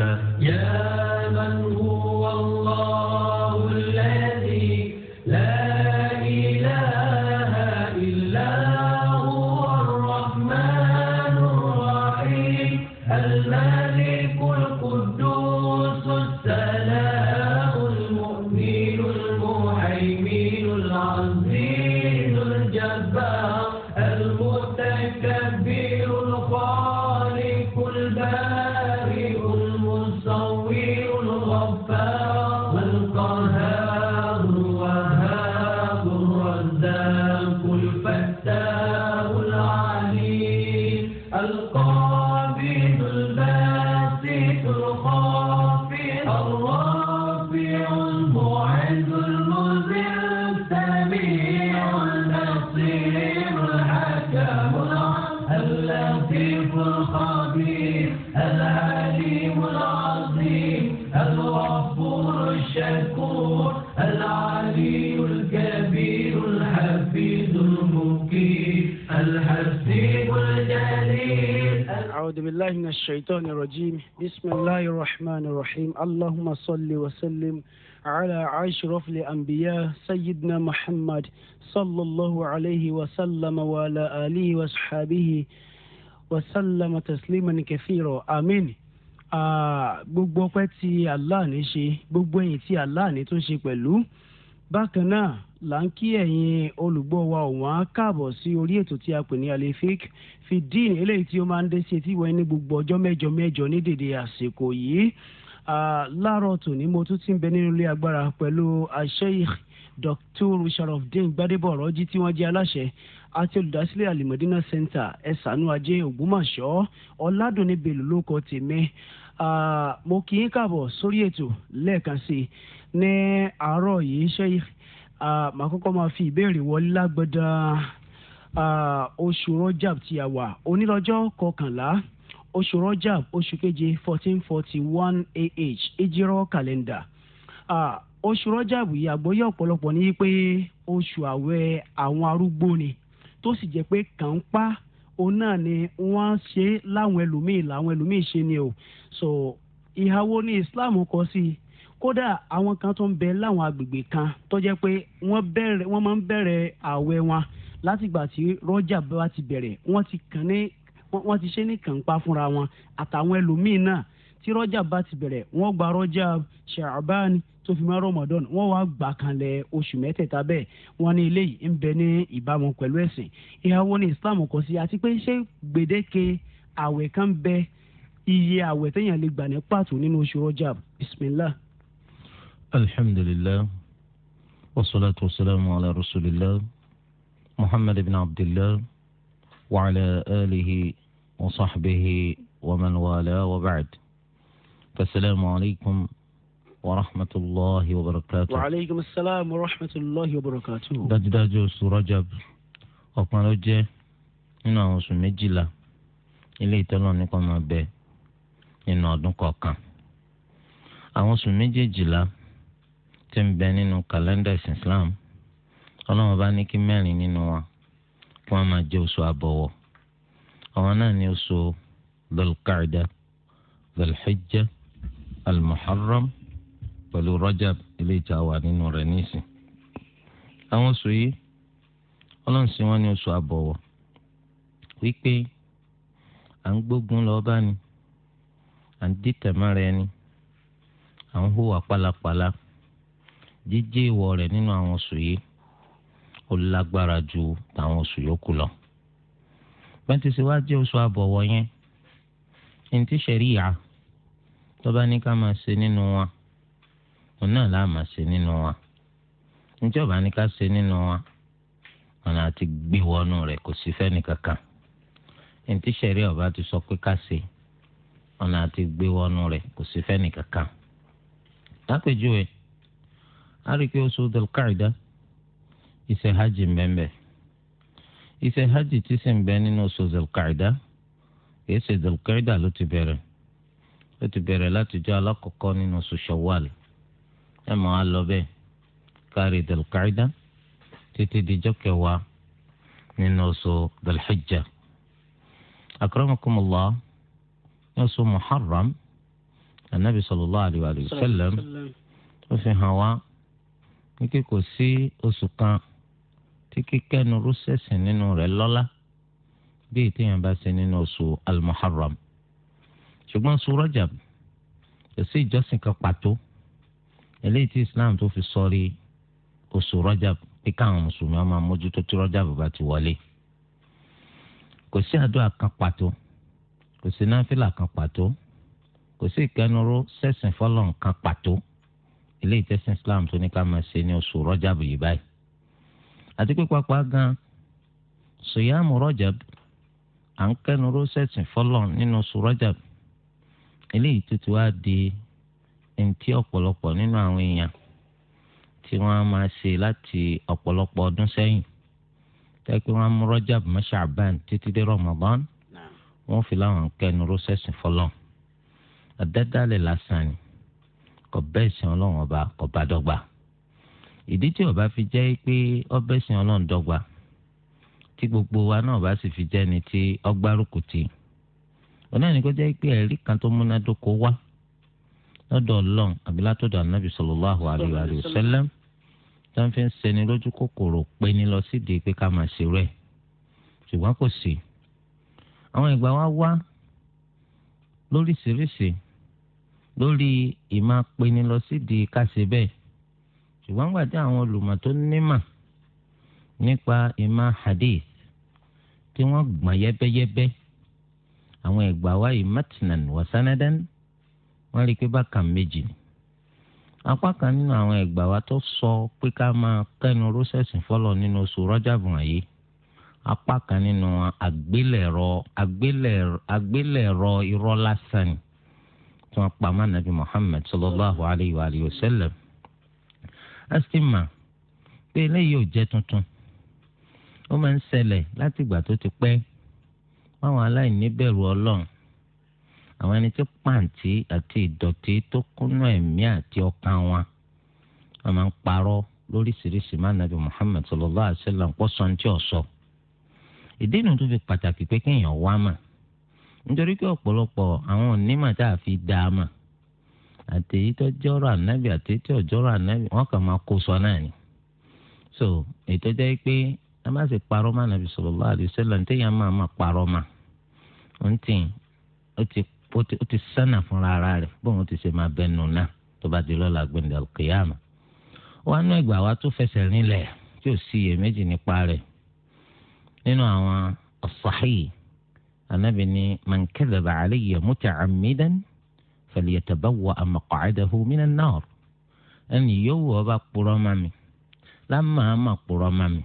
يا من هو الرجيم بسم الله الرحمن الرحيم اللهم صل وسلم على أشرف الأنبياء سيدنا محمد صلى الله عليه وسلم وعلى آله وصحبه وسلم تسليما كثيرا آمين gbogbo ọpẹ́ tí Allah ní ṣe gbogbo ẹ̀yìn tí Allah tó ṣe pẹ̀lú bákan náà là ń kí ẹ̀yin olùgbọ́ wa ọ̀wọ́n káàbọ̀ sí orí ètò tí a pè ní alefik fidin eléyìí tí ó máa ń dé sí etí ìwọ̀n ní gbogbo ọjọ́ mẹ́jọ mẹ́jọ ní dèdè àsìkò yìí láàárọ̀ tòní mo tún ti ń bẹ nínú ilé agbára pẹ̀lú Sheikh Dr. Sharafdin Gbadebo Ọ̀rọ̀jì tí wọ́n jẹ́ aláṣẹ àti olùdásílẹ̀ alimọ̀dínà center ẹ̀sánú ajé Ògbómọ̀ṣọ́ ọ̀làdùnní bèlú ló kọ tèmi mo kì í kàbọ̀ sórí ètò lẹ́ẹ̀kan sí ní àárọ̀ yìí Sheikh màá kọ́kọ́ máa fi ìbéèrè wọlé lágbọ́dá oṣù rọ́jàb tí a wà onírọ̀jọ́ kọkànlá oṣù rọ́jàb oṣù keje fourteen forty one ah ìjírọ̀ kàlẹ́ndà oṣù rọ́jàb yìí àgbọ́yé ọ̀pọ̀lọpọ̀ ní pé oṣù àwẹ̀ àwọn arúgbó ni tó sì jẹ́ pé kàńpá òun náà ni wọ́n ṣe láwọn ẹlòmíì làwọn ẹlòmíì ṣe ni o so ìhàwó ni Islam kọ sí i kódà àwọn kan tó ń bẹ láwọn agbègbè kan tó jẹ́ pé wọ́n bẹ̀rẹ̀ wọ́n máa ń bẹ̀rẹ̀ ààwẹ̀ wọn látìgbà tí rọ́jà bá ti bẹ̀rẹ̀ wọ́n ti kàn ní wọ́n ti ṣe ní kànpá fúnra wọn àtàwọn ẹlòmíín náà tí rọ́jà bá ti bẹ̀rẹ̀ wọ́n gba rọ́jà ṣàbáni tó fi máa rọmọdọ́nù wọ́n wá gbà kanlẹ̀ oṣù mẹ́tẹ̀ẹ̀ta bẹ́ẹ̀ wọ́n ní eléyìí ń bẹ ní ìbámu pẹ̀lú ẹ̀sìn ìhàwọ́ ní Islam kò sí àti pé ṣé gbèdéke àwẹ̀ kan bẹ iye àwẹ̀ téèyàn lè gbà ní pàtó nínú oṣù rọ́jà bismillah. الحمد لله والصلاة والسلام على رسول الله محمد بن عبد الله وعلى آله وصحبه ومن والاه وبعد فالسلام عليكم ورحمة الله وبركاته وعليكم السلام ورحمة الله وبركاته داد داجو ọ̀kan ló jẹ́ nínú àwọn oṣù méjìlá ilé ìtọ́lọ́ nípa máa bẹ nínú ọdún kọ̀ọ̀kan àwọn tí ń bẹ nínú kàlẹ́ndà ẹ̀sìn Islam ọlọ́run bá ní kí mẹ́rin nínú wa kí wọ́n máa jẹ́ oṣù àbọ̀wọ̀ àwọn náà ní oṣù dọ̀lùkàdà dọ̀lùhẹ́jẹ́ alimuharram pẹ̀lú Rajab ilé ìjà wà nínú rẹ̀ nísìn. àwọn oṣù yìí ọlọ́run sì wọ́n ní oṣù àbọ̀wọ̀ wípé à ń gbógun lọ bá ni à ń dìtẹ̀ mọ́ra ẹni à ń hùwà pálapàla jíjẹ́ ìwọ rẹ̀ nínú àwọn oṣù yìí ó lágbára ju tàwọn oṣù yòókù lọ. pẹ́ńtísì wá jẹ́ oṣù àbọ̀wọ̀ yẹn ní ti ṣẹ̀ríyà tó bá ní ká máa ṣe nínú wa òun náà láà máa ṣe nínú wa níjọba ní ká ṣe nínú wa ọ̀nà àti gbé wọnú rẹ̀ kò sí fẹ́ni kankan ní ti ṣẹ̀ríyà ọba ti sọ pé ká ṣe ọ̀nà àti gbé wọnú rẹ̀ kò sí fẹ́ni kankan. lápèjúwe àríkè oṣù dọ̀lkàìdá iṣẹ́ hajj mbẹ́mbẹ́ iṣẹ́ hajj ti sì ń bẹ nínú oṣù dọ̀lkàìdá kìí ṣe dọ̀lkàìdá ló ti bẹ̀rẹ̀ ló ti bẹ̀rẹ̀ láti jọ alákọ̀ọ́kọ́ nínú oṣù shawwal ẹ̀ mọ́ á lọ bẹ́ẹ̀ kárí dọ̀lkàìdá títí dijọ́ kẹwàá nínú oṣù dọ̀lhijjá akramakumullah ní oṣù muharram anabi sallallahu alayhi wa sallam ó fi hàn wá wípé kò sí oṣù kan tí kíkẹ́nu rúṣẹ̀sìn nínú rẹ̀ lọ́lá bí ìtẹ̀yàn bá ṣe nínú oṣù al-muharram ṣùgbọ́n oṣù rajab kò sí ìjọsìn kan pàtó eléyìí tí islam tó fi sọrí oṣù rajab pé káwọn mùsùlùmí ọmọ amójútó tí rajab bá ti wọlé kò sí àdúrà kan pàtó kò sí náfìlà kan pàtó kò sí ìkẹnuró sẹ̀sìn fọlọ́n kan pàtó ilé ìtẹ́sìn islam tó ní ká máa ṣe ní oṣù rọ́jàb yìí báyìí àti pé pápá gan sòyàmù rọ́jàb à ń kẹ́nu rọ́sẹ̀tì fọlọ́ nínú oṣù rọ́jàb eléyìí tó ti wá di ntí ọ̀pọ̀lọpọ̀ nínú àwọn èèyàn tí wọ́n máa ṣe láti ọ̀pọ̀lọpọ̀ ọdún sẹ́yìn tẹ́ pé wọ́n mú rọ́jàb mọ́ títí dé rọmọbọ́n wọ́n fi láwọn kẹ́nu rọ́sẹ̀tì fọlọ́ àdádálẹ̀ lásán ni kò bẹ́ẹ̀ sìn ọlọ́run ọba kò bá dọ́gba ìdí tí ọba fi jẹ́ pé ọbẹ̀ sìn ọlọ́run dọ́gba tí gbogbo wa náà bá sì fi jẹ́ni tí ọgbárùkù tì ọ̀nà ni jẹ́ pé ẹ̀rí kan tó múnádóko wá lọ́dọ̀ ọlọ́run àbí látọ̀dọ̀ ànábì sallallahu alaihi wa sallam tó ń fi ń ṣeni lójú kòkòrò pé ní lọ sídìí pé ká máa ṣe rẹ̀ ṣùgbọ́n kò sí àwọn ìgbà wa wá lóríṣiríṣi lórí ìmọ̀ apẹni lọ sídìí káṣe bẹ́ẹ̀ ṣùgbọ́n gbà tí àwọn olùmọ̀ tó nímọ̀ nípa ìmọ̀ hadith tí wọ́n gbọ̀n yẹ́bẹ́yẹ́bẹ́ àwọn ẹ̀gbà wa yìí matinan wa sanadan wọ́n rí i pé bákan méjì ni apá kan nínú àwọn ẹ̀gbà wa tó sọ pé ká máa kẹ́nu rọ́ṣẹ̀sì fọ́lọ̀ nínú oṣù rọ́jàbù wọ̀nyí apá kan nínú àgbélẹ̀rọ àgbélẹ̀rọ irọ́ lásán ni tí wọ́n pa má nàbí Muhammad sallallahu alayhi wa alihi wa sallam astima pé eléyìí ò jẹ́ tuntun ó máa ń ṣẹlẹ̀ láti ìgbà tó ti pẹ́ fáwọn aláìní bẹ̀rù ọlọ́run àwọn ẹni tí pàǹtí àti ìdọ̀tí tó kúnnú ẹ̀mí àti ọkàn wọn wọn máa ń parọ́ lóríṣiríṣi má nàbí Muhammad sallallahu alayhi wa sallam pọ́sọ̀ ní tí ò sọ ìdí inú tó fi pàtàkì pé kéèyàn wá mà. nítorí pé ọ̀pọ̀lọpọ̀ àwọn onímọ̀ tá a fi dá a mà àtẹ̀yí tó jọ́rọ̀ ànábì àtẹ̀yí tó jọ́rọ̀ ànábì wọ́n kàn máa ni. so ètò jẹ́ pé a má sì parọ́ mọ́ ànábì sallallahu alaihi wasallam téèyàn máa máa parọ́ ń tì ti ó ti sánà fúnra ara rẹ̀ bóun ti ṣe máa bẹnu náà tó bá di lọ́la gbẹ̀ndẹ̀ kìyàmà. wọn nú wa tó fẹsẹ̀ rinlẹ̀ tí ò sí iyèméjì nípa rẹ̀ nínú àwọn anabi ni man kadhaba alayya muta'ammidan falyatabawwa' maq'adahu minan nar ẹni yóò wọ ọba kpọrọ ma mi lámà á má kpọrọ ma mi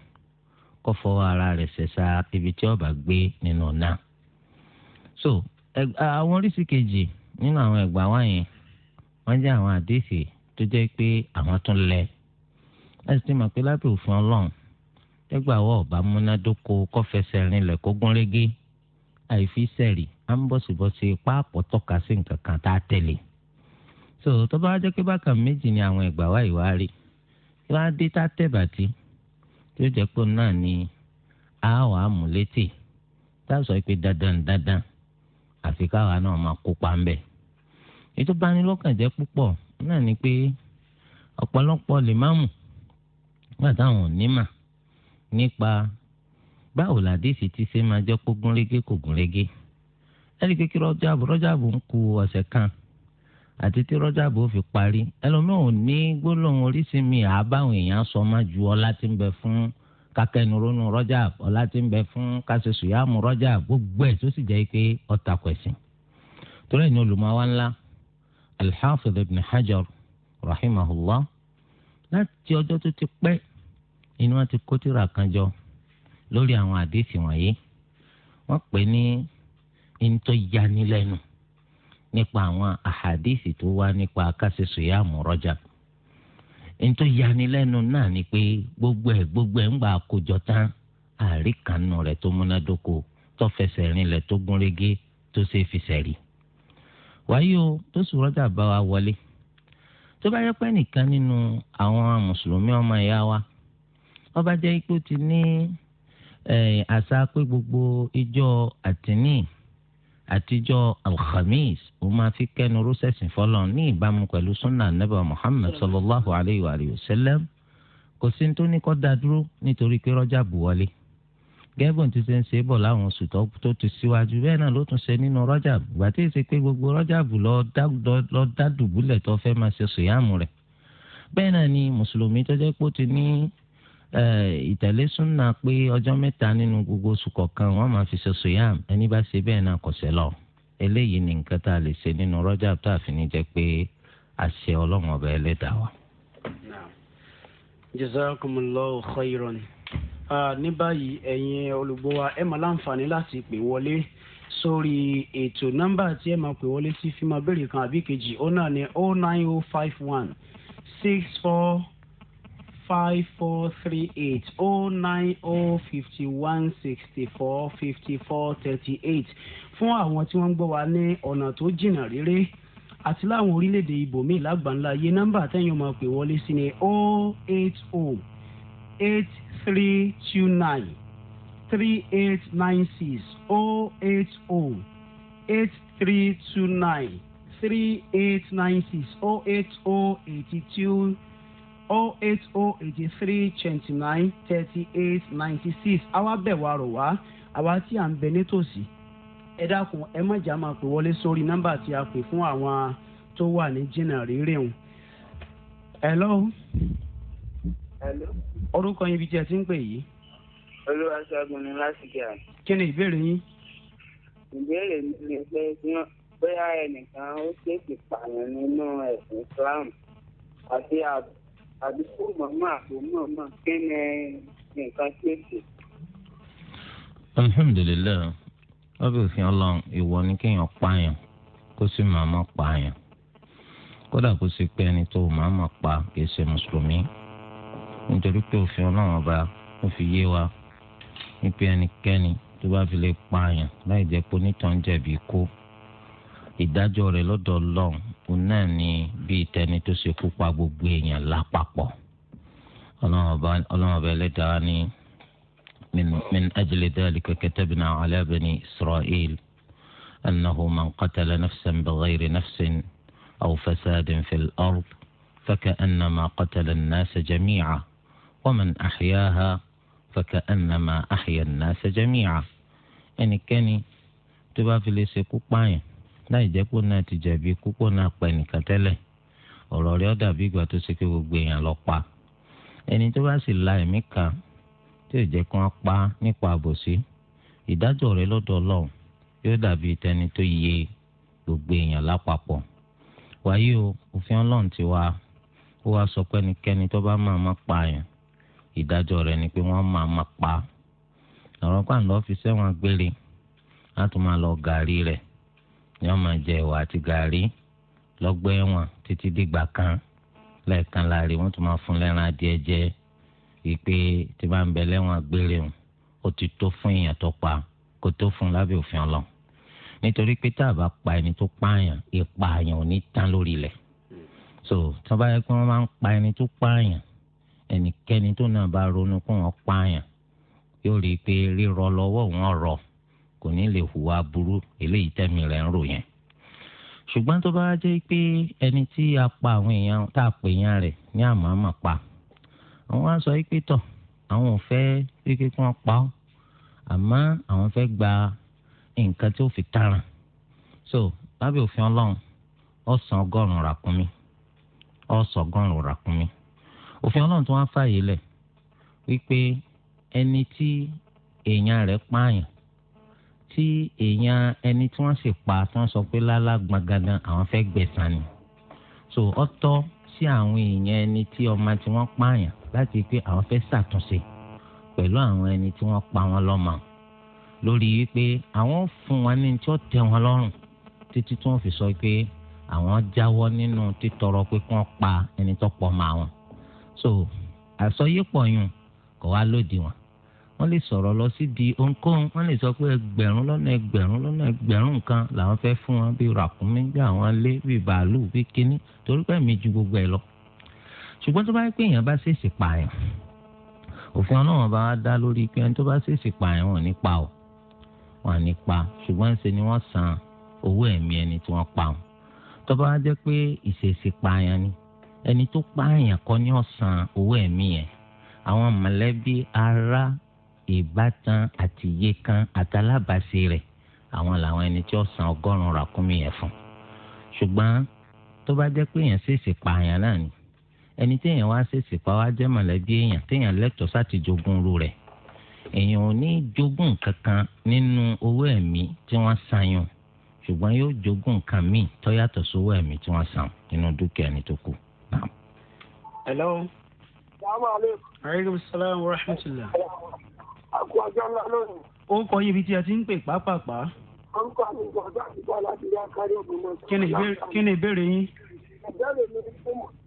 kó fọwọ́ ara rẹ̀ ṣẹ̀ṣà ibi tí ọba gbé nínú náà. so àwọn oríṣi kejì nínú àwọn ẹ̀gbà wá yẹn wọ́n jẹ́ àwọn àdéhìí tó jẹ́ pé àwọn tún lẹ̀ láti ti mọ̀ pé lábẹ́ òfin ọlọ́run tẹ́gbà wọ́ ọba múnádóko kó rinlẹ̀ kó gún àìfi sẹ́ẹ̀rì à ń bọ̀sibọ̀si páàpọ̀ tọ́ka sí nǹkan kan tá a tẹ̀lé so tó bá jẹ́ pé bákan méjì ni àwọn ẹ̀gbà wá ìwà rí tí wọ́n á dé tá a tẹ̀bàtì tí ó jẹ́ pé náà ni a wà á mú létí tá a sọ pé dandan dandan àfi káwa náà máa kópa ń bẹ̀ ètò ìbánilọ́kànjẹ́ púpọ̀ náà ni pé ọ̀pọ̀lọpọ̀ lè má mú nígbà táwọn ò ní mà nípa báwo làdíìsì ti ṣe máa jẹ́ kó gúnrégé kò gúnrégé ẹni kékeré rọ́jàbù rọ́jàbù ń ku ọ̀sẹ̀ kan àti tí rọ́jàbù ó fi parí ẹlòmíràn ò ní gbólóhùn oríṣi mi àbáwọn èèyàn sọ má ju ọlá tí ń bẹ fún kakẹnurónú rọ́jàbù ọlá tí ń bẹ fún kásẹsùyàmù rọ́jàbù gbogbo ẹ̀ tó sì jẹ́ pé ọ̀tà kwẹ̀sìn torí ẹni olùmọ̀wá ńlá alḥafiz ibn hajar rahimahullah láti ọjọ́ tó ti pẹ́ inú wọn ti kó tírà kan jọ lórí àwọn àdéhìí wọ̀nyí wọ́n pè ní ntọ́ yanilẹ́nu nípa àwọn àhàdíìsì tó wá nípa kásì sùyàmù rọ́jà ntọ́ yanilẹ́nu náà ni pé gbogbo ẹ̀ gbogbo ẹ̀ ń gbà àkójọ tán àríkànnù rẹ̀ tó múnádóko tó fẹsẹ̀ rinlẹ̀ tó gúnrégé tó ṣe fi sẹ̀rí. wáyé o tó sùn rọ́jà bá wa wọlé tó bá yẹ pé nìkan nínú àwọn mùsùlùmí ọmọ ìyá wa wọ́n bá jẹ́ ikú ti ní. Ni àṣà pé gbogbo ijọ́ àtìní àtijọ́ alhamis ó máa fi kẹ́nu rọ́sẹ̀sìn fọlọ́ ní ìbámu pẹ̀lú sunna nebà muhammed sallallahu alayhi wa sallam kò sí tó ní kọ́ da dúró nítorí pé rọ́jà bù wọlé gẹ́gbọ̀n ti ṣe ń ṣe bọ̀ láwọn oṣù tó ti síwájú bẹ́ẹ̀ náà ló tún ṣe nínú rọ́jà bù gbà tí pé gbogbo rọ́jà bù lọ dá tó fẹ́ máa ṣe sòyàmù rẹ̀ bẹ́ẹ̀ náà ni mùsùlùmí tó jẹ́ pé ó ti ní ìtẹ̀lé súnà pé ọjọ́ mẹ́ta nínú gbogbo oṣù kọ̀ọ̀kan wọ́n máa fi ṣoṣo yá ẹni bá ṣe bẹ́ẹ̀ náà kò ṣẹ̀ lọ eléyìí ni nǹkan tá a lè ṣe nínú rọ́jà tó àfi ní jẹ́ pé àṣẹ ọlọ́run ọba ẹlẹ́dàá wa. jazakumullahu khairan ní báyìí ẹ̀yin olùgbọ́ wa ẹ máa láǹfààní láti pè wọlé sórí ètò nọ́mbà tí ẹ máa pè wọlé sí fi máa béèrè kan àbí kejì ó náà ní oh nine oh five four three eight oh nine oh fifty one sixty four fifty four thirty eight fún àwọn tí wọ́n ń gbọ́ wa ní ọ̀nà tó jìnnà réré àti láwọn orílẹ̀-èdè ibòmíì lágbàńlá yé nọ́mbà tẹ́yìn máa pè wọlé sí ni oh eight oh eight three two nine three eight nine six oh eight oh eight three two nine three eight nine six oh eight oh eighty two. 08083 29 38 96 àwa bẹ̀ wá rò wá àwa tí à ń bẹ nítòsí ẹ dákun ẹ má jà máa pè wọlé sórí nọ́mbà tí a pè fún àwọn tó wà ní jìnnà rírì hùn. hello. hello. orúkọ yín ibi tí ẹ ti ń pè yìí. Olúwaṣẹ́gun ni lásìkò àná. kí ni ìbéèrè yín. ìbéèrè mi ni pé bóyá ẹnìkan ó ṣèèpì pààyàn nínú ẹ̀sìn Islam àti àbùkù àbí fún màmá àbò màmá kẹ́nẹ́ nǹkan tí ó ṣe. alhamdulilayi lábẹ́ òfin ọlọ́run ìwọ ni kéèyàn pààyàn kó sì màmá pààyàn kódà kó sì pé ẹni tó màmá pa kì í ṣe mùsùlùmí nítorí pé òfin ọlọ́run ọba ó fi yé wa wípé ẹnikẹ́ni tó bá fi lè pààyàn láì jẹ́ pé onítàn jẹ̀bi kó ìdájọ́ rẹ̀ lọ́dọ̀ ọlọ́run òun náà ni bíi tẹni tó ṣe kú pa gbogbo èèyàn lápapọ̀ ọlọ́run ọba ẹlẹ́dàá ni min ajli dhalika katabna ala bani isra'il annahu man qatala nafsan bighayri nafsin aw fasadin fil ard فكأنما قتل الناس جميعا ومن أحياها فكأنما أحيا الناس جميعا ẹnikẹ́ni tó bá fi lè ṣe kú pààyàn láì jẹ́ pé náà ti jẹ̀bi púpọ̀ náà pa ẹnìkan tẹ́lẹ̀ ọ̀rọ̀ rẹ̀ ó dàbí ìgbà tó ṣe pé lọ pa ẹni tó bá sì la ẹ̀mí kan tí ò jẹ́ pa nípa àbòsí ìdájọ́ rẹ̀ lọ́dọ̀ ọlọ́run yóò dàbí tẹni tó yẹ gbogbo èèyàn lápapọ̀ wáyé o òfin ọlọ́run ti wá ó sọ pé ẹnikẹ́ni tó bá máa pa àyàn ìdájọ́ rẹ̀ ni pé wọ́n máa pa ọ̀rọ̀ pàǹdọ́ fi sẹ́wọ̀n gbére lọ gàrí rẹ̀ ni wọ́n máa jẹ ẹ̀wà àti gàrí lọ́gbọ́ ẹ̀wọ̀n títí dìgbà kan lẹ́ẹ̀kan láàrin wọ́n tún máa fún lẹ́ran adìẹ jẹ ìpè tí bá ń bẹ lẹ́wọ̀n gbére hùn ó ti tó fún èèyàn tó pa kó tó fún lábẹ́ òfin ọlọ́run nítorí pé tá a bá pa ẹni tó pààyàn ìpààyàn ò ní tán lórí ilẹ̀ so tó bá yẹ pé wọ́n máa ń pa ẹni tó pààyàn ẹnikẹ́ni tó náà bá ronú pé wọ́n pààyàn yóò rí i pé rírọ lọ́wọ́ òun ọ̀rọ̀ kò ní lè hùwà burú eléyìí tẹ̀mí rẹ̀ ń rò yẹn ṣùgbọ́n tó bá jẹ́ pé ẹni tí a pa àwọn èèyàn tá a pè èèyàn rẹ̀ ní àmàmà pa àwọn á sọ tọ̀ àwọn ò fẹ́ pé kí wọ́n pa ọ́ àmọ́ àwọn fẹ́ gba nǹkan tí ó fi tààràn so lábẹ́ òfin ọlọ́run ọ̀sán ọgọ́rùn-ún ràkúnmí ọ̀sán ọgọ́rùn-ún ràkúnmí òfin ọlọ́run tó wá fàyè lẹ̀ wípé ẹni tí èèyàn rẹ̀ pààyàn tí èèyàn ẹni tí wọ́n sì pa tí wọ́n sọ pé lálá gbọ̀ngàn àwọn fẹ́ gbẹ̀san ni so ọ̀tọ̀ sí àwọn èèyàn ẹni tí ọmọ tí wọ́n pààyàn láti pé àwọn fẹ́ ṣàtúnṣe pẹ̀lú àwọn ẹni tí wọ́n pa wọn lọ́mọ lórí wípé àwọn fún wọn ní tí ó tẹ́ wọn lọ́rùn títí tí wọ́n fi sọ pé àwọn jáwọ́ nínú títọrọ pé kí wọ́n pa ẹni tó pọ̀ mọ́ àwọn so àsọyépọ̀ yùn kò wá lòdì wọn wọ́n lè sọ̀rọ̀ lọ sí di ohunkóhun wọ́n lè sọ pé ẹgbẹ̀rún lọ́nà ẹgbẹ̀rún lọ́nà ẹgbẹ̀rún nǹkan làwọn fẹ́ fún wọn bíi ràkúnmí bí àwọn alé bíi bàálù bíi kínní torí pé mi ju gbogbo ẹ̀ lọ. ṣùgbọ́n tó bá yẹ pé èèyàn bá ṣèèṣì pààyàn òfin ọlọ́run bá dá lórí pé ẹni tó bá ṣèèṣì pààyàn wọn ní pa ọ́ wọn ní pa ṣùgbọ́n ṣe ni wọ́n san owó ẹ̀mí ẹni tí wọ́n pa àwọn mọ̀lẹ́bí ará ìbátan àti iye kan àtàlábàṣe rẹ̀ àwọn làwọn ẹni tí ó san ọgọ́rùn-ún ràkúnmí yẹn fún ṣùgbọ́n tó bá jẹ́ pé èèyàn ṣèèṣì pa èèyàn náà ni ẹni tí èèyàn wá ṣèèṣì pa wá jẹ́ mọ̀lẹ́bí èèyàn téèyàn lẹ́tọ̀ọ́ sáti jogún ru rẹ̀ èèyàn ò ní jogún kankan nínú owó ẹ̀mí tí wọ́n san yun ṣùgbọ́n yóò jogún nǹkan míì tó yàtọ̀ sówó ẹ̀mí tí wọ́n san nínú dúkìá ẹni tó kù. hello. salaamaleykum. aleykum salaam wa rahmatulah àkó ọjọ́ ńlá lónìí. ó kọ ibi tí a ti ń pè pápápá. orúkọ mi ń gbọ́dọ̀ àti bọ́ láti rí akárí ògùn mọ́. kí ni ìbéèrè yín. ìbéèrè mi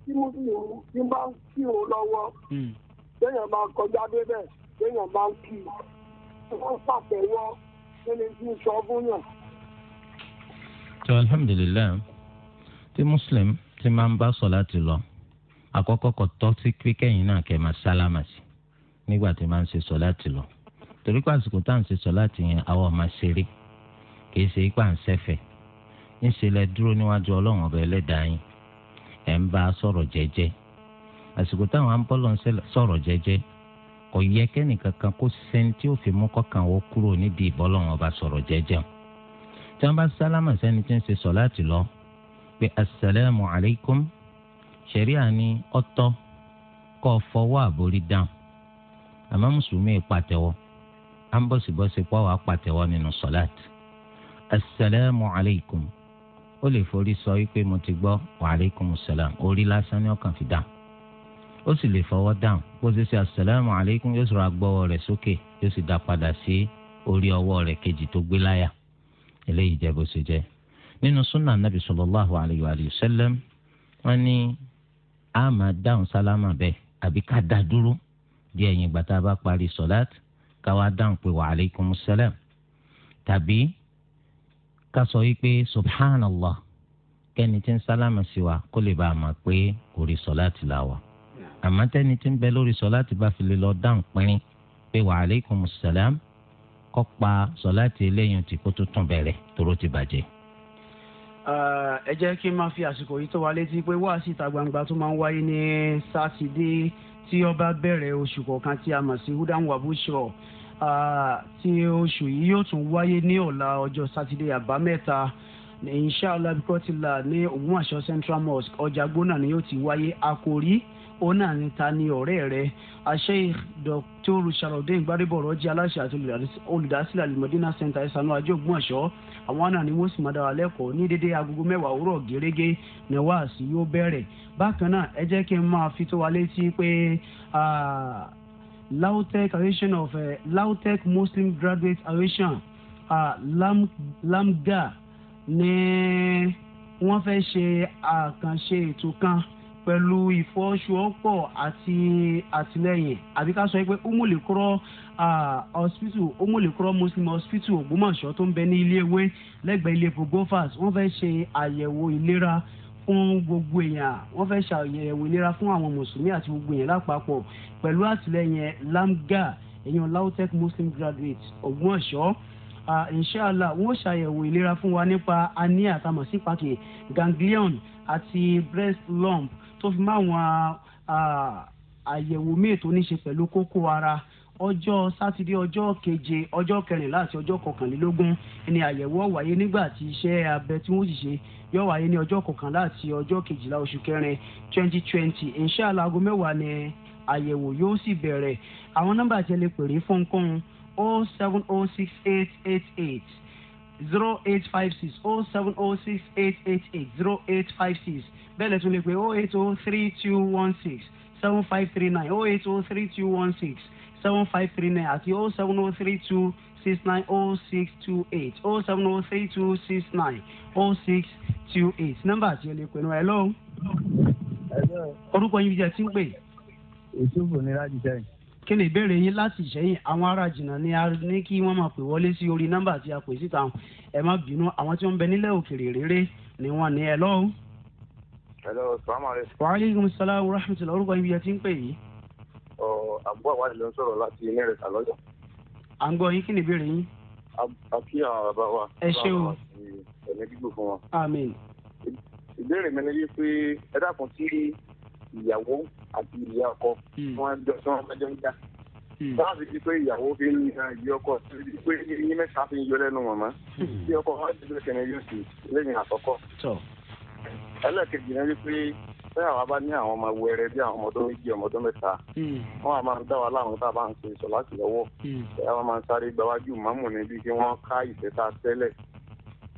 tí mo ti rò tí bá ń kí òun lọ́wọ́ hmm. téèyàn máa kọjá débẹ̀ téèyàn máa ń kí wọ́n pàtẹ́wọ́ kí ni kí sọ fún yàn. tó alhamdulilayi tí muslim ti máa ń bá sọ láti lọ àkọ́kọ́ kò tọ́ sí pé kẹ́yìn náà kẹ́ máa sálámà sí nígbà tí máa ń ṣe sọláàtì lọ torí pé àsìkò tá à ń ṣe sọláàtì yẹn àwọn ọmọ ṣeré kì í ṣe ipá ń ṣẹ̀fẹ̀ ńṣe lẹ dúró níwájú ọlọ́run ọba ẹlẹ́dàá yín ẹ̀ ń bá a sọ̀rọ̀ jẹ́jẹ́ àsìkò táwọn àǹbọ̀lọ̀ ń sọ̀rọ̀ jẹ́jẹ́ kò yẹ kẹ́nìkankan kó sẹ́ni tí ó fi mú kọ́kàn wọ́ kúrò nídìí ìbọ́lọ́run ọba sọ̀rọ̀ jẹ́jẹ́ tí wọ́n bá sálámà sẹ́ni tí ń ṣe sọ̀láàtì lọ pé asalaamu alaykum ṣẹ̀ríà ni ọ̀tọ̀ kọ́ fọwọ́ àbórí dáhùn àmọ́ mùsùlùmí pàtẹ́wọ́ à ń bọ̀sibọ́sí pọ̀ wá pàtẹ́wọ́ nínú sọ́láàt asalaamu alaykum ó lè forí sọ wípé mo ti gbọ́ wa alaykum salaam orí lásán ni ọkàn fi dáhùn ó sì lè fọwọ́ dáhùn bó ṣe ṣe asalaamu alaykum yóò sọ̀rọ̀ agbọ́wọ́ rẹ̀ sókè yóò sì dá padà sí orí ọwọ́ rẹ̀ kejì tó gbé láyà eléyìí jẹ́ bó ṣe jẹ́ nínú sunna nabi sallallahu alayhi wa sallam wọ́n ní a máa dáhùn sálámà bẹ́ẹ̀ àbí ká dá dúró di ẹ̀yìn ìgbà tá a bá parí sọ̀láàtì káwá dáhùn pé wa alaykum salam tàbí ká sọ wípé subhanallah kẹ́ni tí ń sálámà sí wa kó lè bá a mọ̀ pé orí sọ̀láàtì là wà àmọ́ tẹ́ni tí ń bẹ lórí sọ̀láàtì bá fi lè lọ dáhùn pínrín pé wa alaykum salam kọ́ pa sọ̀láàtì eléyìí tí kó tó tún tóró ti bàjẹ́ ẹ jẹ́ kí n máa fi àsìkò yìí tó wa létí pé wáàsí ìta gbangba tó máa ń wáyé ní sátidé tí ó bá bẹ̀rẹ̀ oṣù kọ̀ọ̀kan tí a mọ̀ sí hudan wabushro tí oṣù yìí yóò tún wáyé ní ọ̀la ọjọ́ sátidé àbámẹ́ta inshallah bíkọ́tìlá ní Ògbómọ̀ṣọ́ central mosque ọjà gbóná ni yóò ti wáyé àkòrí òun náà ni ta ni ọ̀rẹ́ rẹ Sheikh Dr. Sharafdeen Gbadebo Ọ̀rọ̀jì aláṣẹ àti olùdásílẹ̀ Al-Madina Center ajé Ògbómọ̀ṣọ́ àwọn náà ni wọ́n sì máa dára lẹ́kọ̀ọ́ ní dédé agogo mẹ́wàá òwúrọ̀ gẹ́gẹ́ ní wáàsí yóò bẹ̀rẹ̀ bákan náà ẹ jẹ́ kí n máa fi tó wa létí pé LAUTECH aviation of uh, LAUTECH Muslim Graduate Aviation uh, lam, lamga ní wọ́n fẹ́ ṣe àkànṣe ètò kan pẹ̀lú ìfọwọ́sowọ́pọ̀ àti àtìlẹ́yìn àbí ká sọ pé umulikoro hospital umulikoro muslim hospital Ògbómọ̀ṣọ́ tó ń bẹ ní ilé ewé lẹ́gbẹ̀ẹ́ ilé epo gofas wọ́n fẹ́ ṣe àyẹ̀wò ìlera fún gbogbo èèyàn wọ́n fẹ́ ṣàyẹ̀wò ìlera fún àwọn mùsùlùmí àti gbogbo èèyàn lápapọ̀ pẹ̀lú àtìlẹ́yìn lamga èèyàn lautech muslim graduate Ògbómọ̀ṣọ́ inshàlá wọ́n ṣàyẹ̀wò ìlera fún wa nípa anemia àtàmọ̀sí pàkì ganglion àti breast lump tó fi máa wọn àyẹ̀wò míì tó ní ṣe pẹ̀lú kókó ara ọjọ́ sátidé ọjọ́ keje ọjọ́ kẹrìnlá àti ọjọ́ kọkànlélógún ni àyẹ̀wò wáyé nígbà tí iṣẹ́ abẹ tí wọ́n sì ṣe yóò wáyé ní ọjọ́ kọkànlá àti ọjọ́ kejìlá oṣù kẹrin twenty twenty inshallah aago mẹ́wàá ni àyẹ̀wò yóò sì bẹ̀rẹ̀ àwọn nọ́mbà tí ẹ lè pèrè fún kún o oh seven o oh six eight eight eight zero eight five six o oh seven o six eight eight eight zero eight five six bẹ́ẹ̀ lẹ́tún lè pé oh eight oh three two one six seven five three nine oh eight oh three two one six seven five three nine àti oh seven oh three two six nine oh six two eight oh seven oh three two six nine oh six two eight nọ́mbà àti ẹ lè pè ní hello. orúkọ yín jẹ́ tí ń pè. Yusuf ní láti sẹ́yìn. kí ni ìbéèrè yín láti sẹ́yìn àwọn ará jìnnà ni a ní kí wọ́n máa pè wọlé sí orí nọ́mbà tí a pè síta ẹ má bínú àwọn tí wọ́n bẹ nílẹ̀ òkèèrè réré ni wọ́n ní hello hello salaamaleykum. wa aleykum salaam wa rahmatulah orúkọ ibi ẹ ti ń pè yìí. ọ àbúrò àwárí ló ń sọ̀rọ̀ láti ilé rẹ̀ sàlọ́jà. à ń gbọ́ yín kí ni ìbéèrè yín. a kí àwọn bàbá wa. ẹ ṣé o. ẹ̀mí gbígbó fún wọn. àmín. ìbéèrè mi ni wípé ẹ dákun tí ìyàwó àti ìyá ọkọ hmm. wọn jọ sọ wọn jọ ń já sáà fi di pé ìyàwó fi ń yan ìyá ọkọ di pé yín mẹ́ta fi ń yọ lẹ́nu mọ̀mọ́ hmm. tí ọkọ wọn ti bẹ̀rẹ̀ kẹ́ni yóò sì lẹ́yìn àkọ́kọ́ ẹlẹ́ẹ̀kejì ni wípé pé àwọn bá ní àwọn ọmọ wẹrẹ bí àwọn ọmọdé méjì ọmọdé mẹ́ta hmm. wọn a máa ń dá wa láwọn tá a bá ń ṣe sọ láti lọ́wọ́ ẹ̀yà hmm. wọn máa ń sáré gbáwájú mọ́mù ní bí kí wọ́n ká ìfẹ́ta tẹ́lẹ̀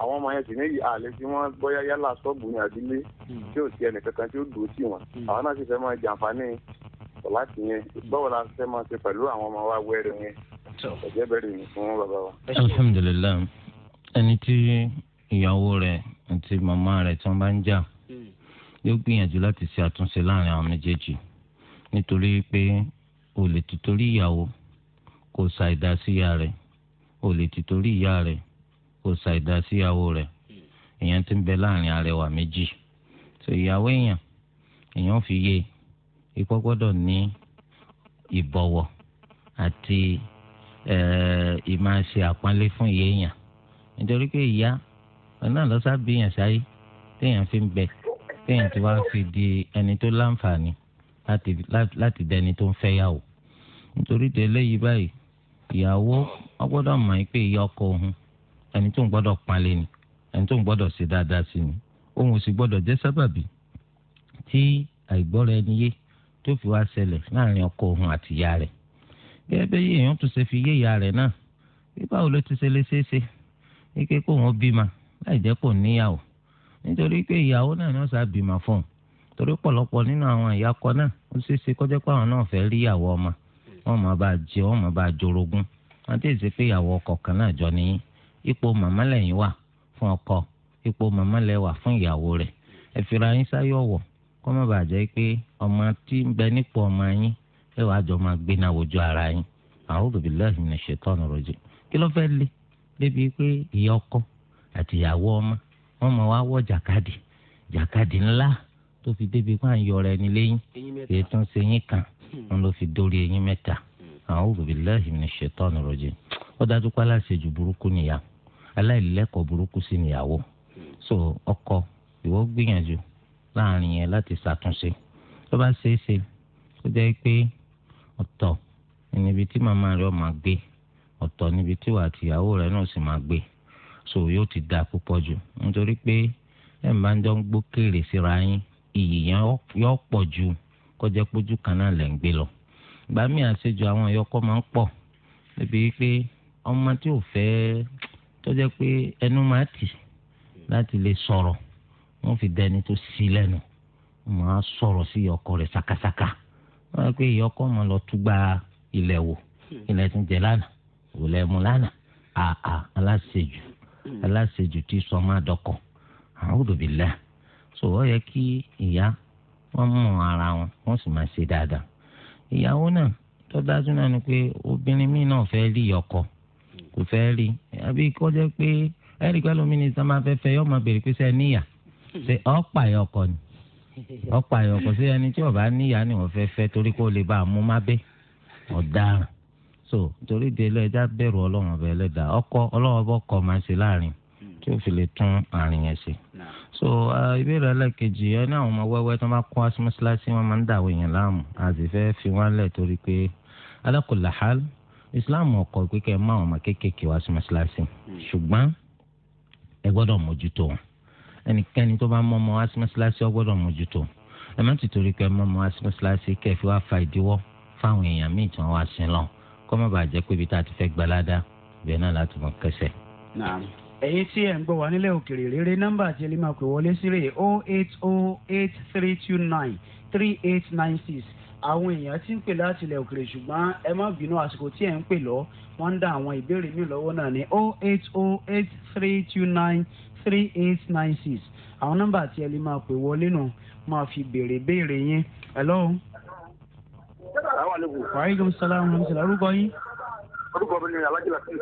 àwọn ọmọ yẹn sì ní àlè tí wọ́n bọ́yá yálà sọ́ọ̀bù ní àdílé hmm. tí ò sí ẹnìkankan tí ó dùn sí wọn àwọn náà sì fẹ́ máa jàǹfààní sọ láti yẹn báwo la fẹ́ máa ṣe pẹ̀lú àwọn ọmọ wa wẹrẹ yẹn ẹ̀jẹ̀ bẹ̀rẹ̀ ní fún bàbá wa. alhamdulilayi ẹni tí ìyàwó rẹ̀ àti màmá rẹ̀ tí wọ́n bá ń jà yóò gbìyànjú láti ṣe àtúnṣe láàrin àwọn méjèèjì nítorí pé o lè ti torí ìyàwó kò ṣàìdá síyà rẹ o lè ti torí ìyá rẹ kò ṣàìdá síyàwó rẹ èèyàn ti ń bẹ láàrin arẹwà méjì so ìyàwó èèyàn èèyàn fi yé e. ikọ́ gbọ́dọ̀ ní ìbọ̀wọ̀ àti ìmáṣe àpọ́nlé fún ìyá èèyàn nítorí pé ìyá ọ̀nà lọ́sàbíyàn sáyé téèyàn fi ń bẹ̀ẹ́ téèyàn ti wá fi di ẹni tó láǹfààní láti dẹni tó ń fẹ́ yàwó nítorí tó eléyìí báyìí ìyàwó ó gbọ́dọ̀ mọ̀ pé ìyá ọkọ òun ẹni tó ń gbọ́dọ̀ ni ẹni tó ń gbọ́dọ̀ ṣe dáadáa sí ni òun ò sì gbọ́dọ̀ jẹ́ sábàbí tí àìgbọ́ra ẹni yé tó fi wá ṣẹlẹ̀ láàrin ọkọ òun àti ìyá rẹ̀ gẹ́gẹ́ bí èèyàn tún fi yé ìyá rẹ̀ náà bí ló ti ṣe lè ike bímọ láì jẹ́ kó níyàwó nítorí pé ìyàwó náà náà sábìmọ fún un torí pọ̀lọpọ̀ nínú àwọn ìyàkọ náà ó ṣeé ṣe kọjá pé àwọn náà fẹ́ẹ́ rí ìyàwó ọmọ wọn máa bá jẹ wọn máa bá jorogún wọn tẹ̀ sí pé ìyàwó ọkọ kan náà jọ nìyí ipò màmá lẹ́yìn wà fún ọkọ ipò màmá lẹ́wà fún ìyàwó rẹ̀ ọmọ tí ń bẹ ọmọ yín ẹ wàá jọ máa ara yín kí ló fẹ́ lé débi pé ìyá ọkọ àti ìyàwó ọmọ wọ́n mọ̀ wá wọ̀ jàkadì jàkadì ńlá tó fi débi pé à ń yọra ẹni lẹ́yìn èyí tó ń ṣe yín kan wọn hmm. ló fi dórí eyín mẹ́ta hmm. a'udhu billahi minash shaitani rajim ó dájú pé aláṣejù burúkú nìyà aláìlẹ́kọ̀ọ́ burúkú sí nìyàwó hmm. so ọkọ ìwọ gbìyànjú láàrin yẹn láti ṣàtúnṣe tó bá ṣeé ṣe ó jẹ́ pé ọ̀tọ̀ níbi tí màmá rẹ̀ ọ̀ máa gbé ọ̀tọ̀ níbi tí wàá tìyàwó rẹ̀ náà sì máa gbé so yóò ti da púpọ̀ jù nítorí pé ẹ̀ máa ń jọ ń gbókèrè síra yín iyì yẹn yọ pọ̀ ju kọjá pójú kan náà lẹ̀ ń gbé lọ. ìgbà míì àṣejù àwọn ìyọkọ́ máa ń pọ̀ débi pé ọmọ tí ò fẹ́ tọ́jẹ́ pé ẹnu máa tì láti lè sọ̀rọ̀ wọ́n fi dẹni tó sí lẹ́nu máa sọ̀rọ̀ sí ìyọkọ rẹ̀ sakasaka wọ́n á pé ìyọkọ́ máa lọ túgbà ilẹ̀ wò ilẹ̀ tún jẹ lánàá òlẹ̀ mu lánàá àà aláṣejù aláṣejù tí sọmọ àdọkọ a'udhu billah so ó yẹ kí ìyá wọn mọ ara wọn wọn sì máa ṣe dáadáa ìyàwó náà tó dájú náà ni pé obìnrin míì náà fẹ́ rí ọkọ kò fẹ́ rí àbí kó jẹ́ pé ẹ̀rí pẹ́lú mínísítà máa fẹ́ fẹ́ yọ́ máa béèrè pé ṣe níyà ṣe ọ̀pá ọkọ ni ọ̀pá ẹ̀ ọkọ sí ẹni tí ó bá níyà ni wọ́n fẹ́ fẹ́ torí kó lè bá a mú má bẹ́ ọ̀daràn so torí de ẹlẹ́jà bẹ̀rù ọlọ́run ọba ẹlẹ́dàá ọkọ ọlọ́run ọba ọkọ máa ṣe láàrin tí ó fi lè tún àárín yẹn ṣe. so ìbéèrè ẹlẹ́kejì ẹ ní àwọn ọmọ wẹ́wẹ́ tó máa kó aṣọ́mọ́ṣáláṣí wọn máa ń dàwọ̀ èèyàn láàmú àti fẹ́ fi wọ́n lẹ̀ torí pé alákòlàhál islam ọkọ̀ pípẹ́ máa wọn kéékèèké wá aṣọ́mọ́ṣáláṣí hmm. ṣùgbọ́n ẹ gbọ́dọ̀ mójútó wọn ẹnikẹ́ni tó bá mọ ọmọ aṣọ́mọ́ṣáláṣí ọ gbọ́dọ̀ mójútó ẹ má ti torí pé mọ́ ọmọ aṣọ́mọ́ṣáláṣí kẹ́ẹ̀ fi wá fa ìdíwọ́ fáwọn èèyàn míì tí wọ́n wá sí lọ́wọ́ kọ́mọ́ bàjẹ́ pé ibi tá a ti fẹ́ gbalada bẹ́ẹ̀ náà láti mọ kẹsẹ̀. ẹ̀yin tí ẹ̀ ń gbọ́ wá nílẹ̀ òkèèrè rere nọ́mbà àti ẹ̀lẹ́mà pé wọlé sí rè o oh eight o oh eight three two nine three eight nine six àwọn èèyàn ti ń pè láti ilẹ̀ òkèèrè ṣùgbọ́n ẹ má bínú àsìkò tí ẹ̀ ń pè lọ wọ́n ń dá àwọn ìbéèrè mi lọ́wọ́ náà ní o oh eight o eight three two nine three eight nine six àwọn nọ́mbà àti ẹ̀lẹ́mà pé wọlé náà máa fi béèrè béèrè yín. hello wàhálà sàlámù aleykum orúkọ yín. orúkọ mi ni alhaji latif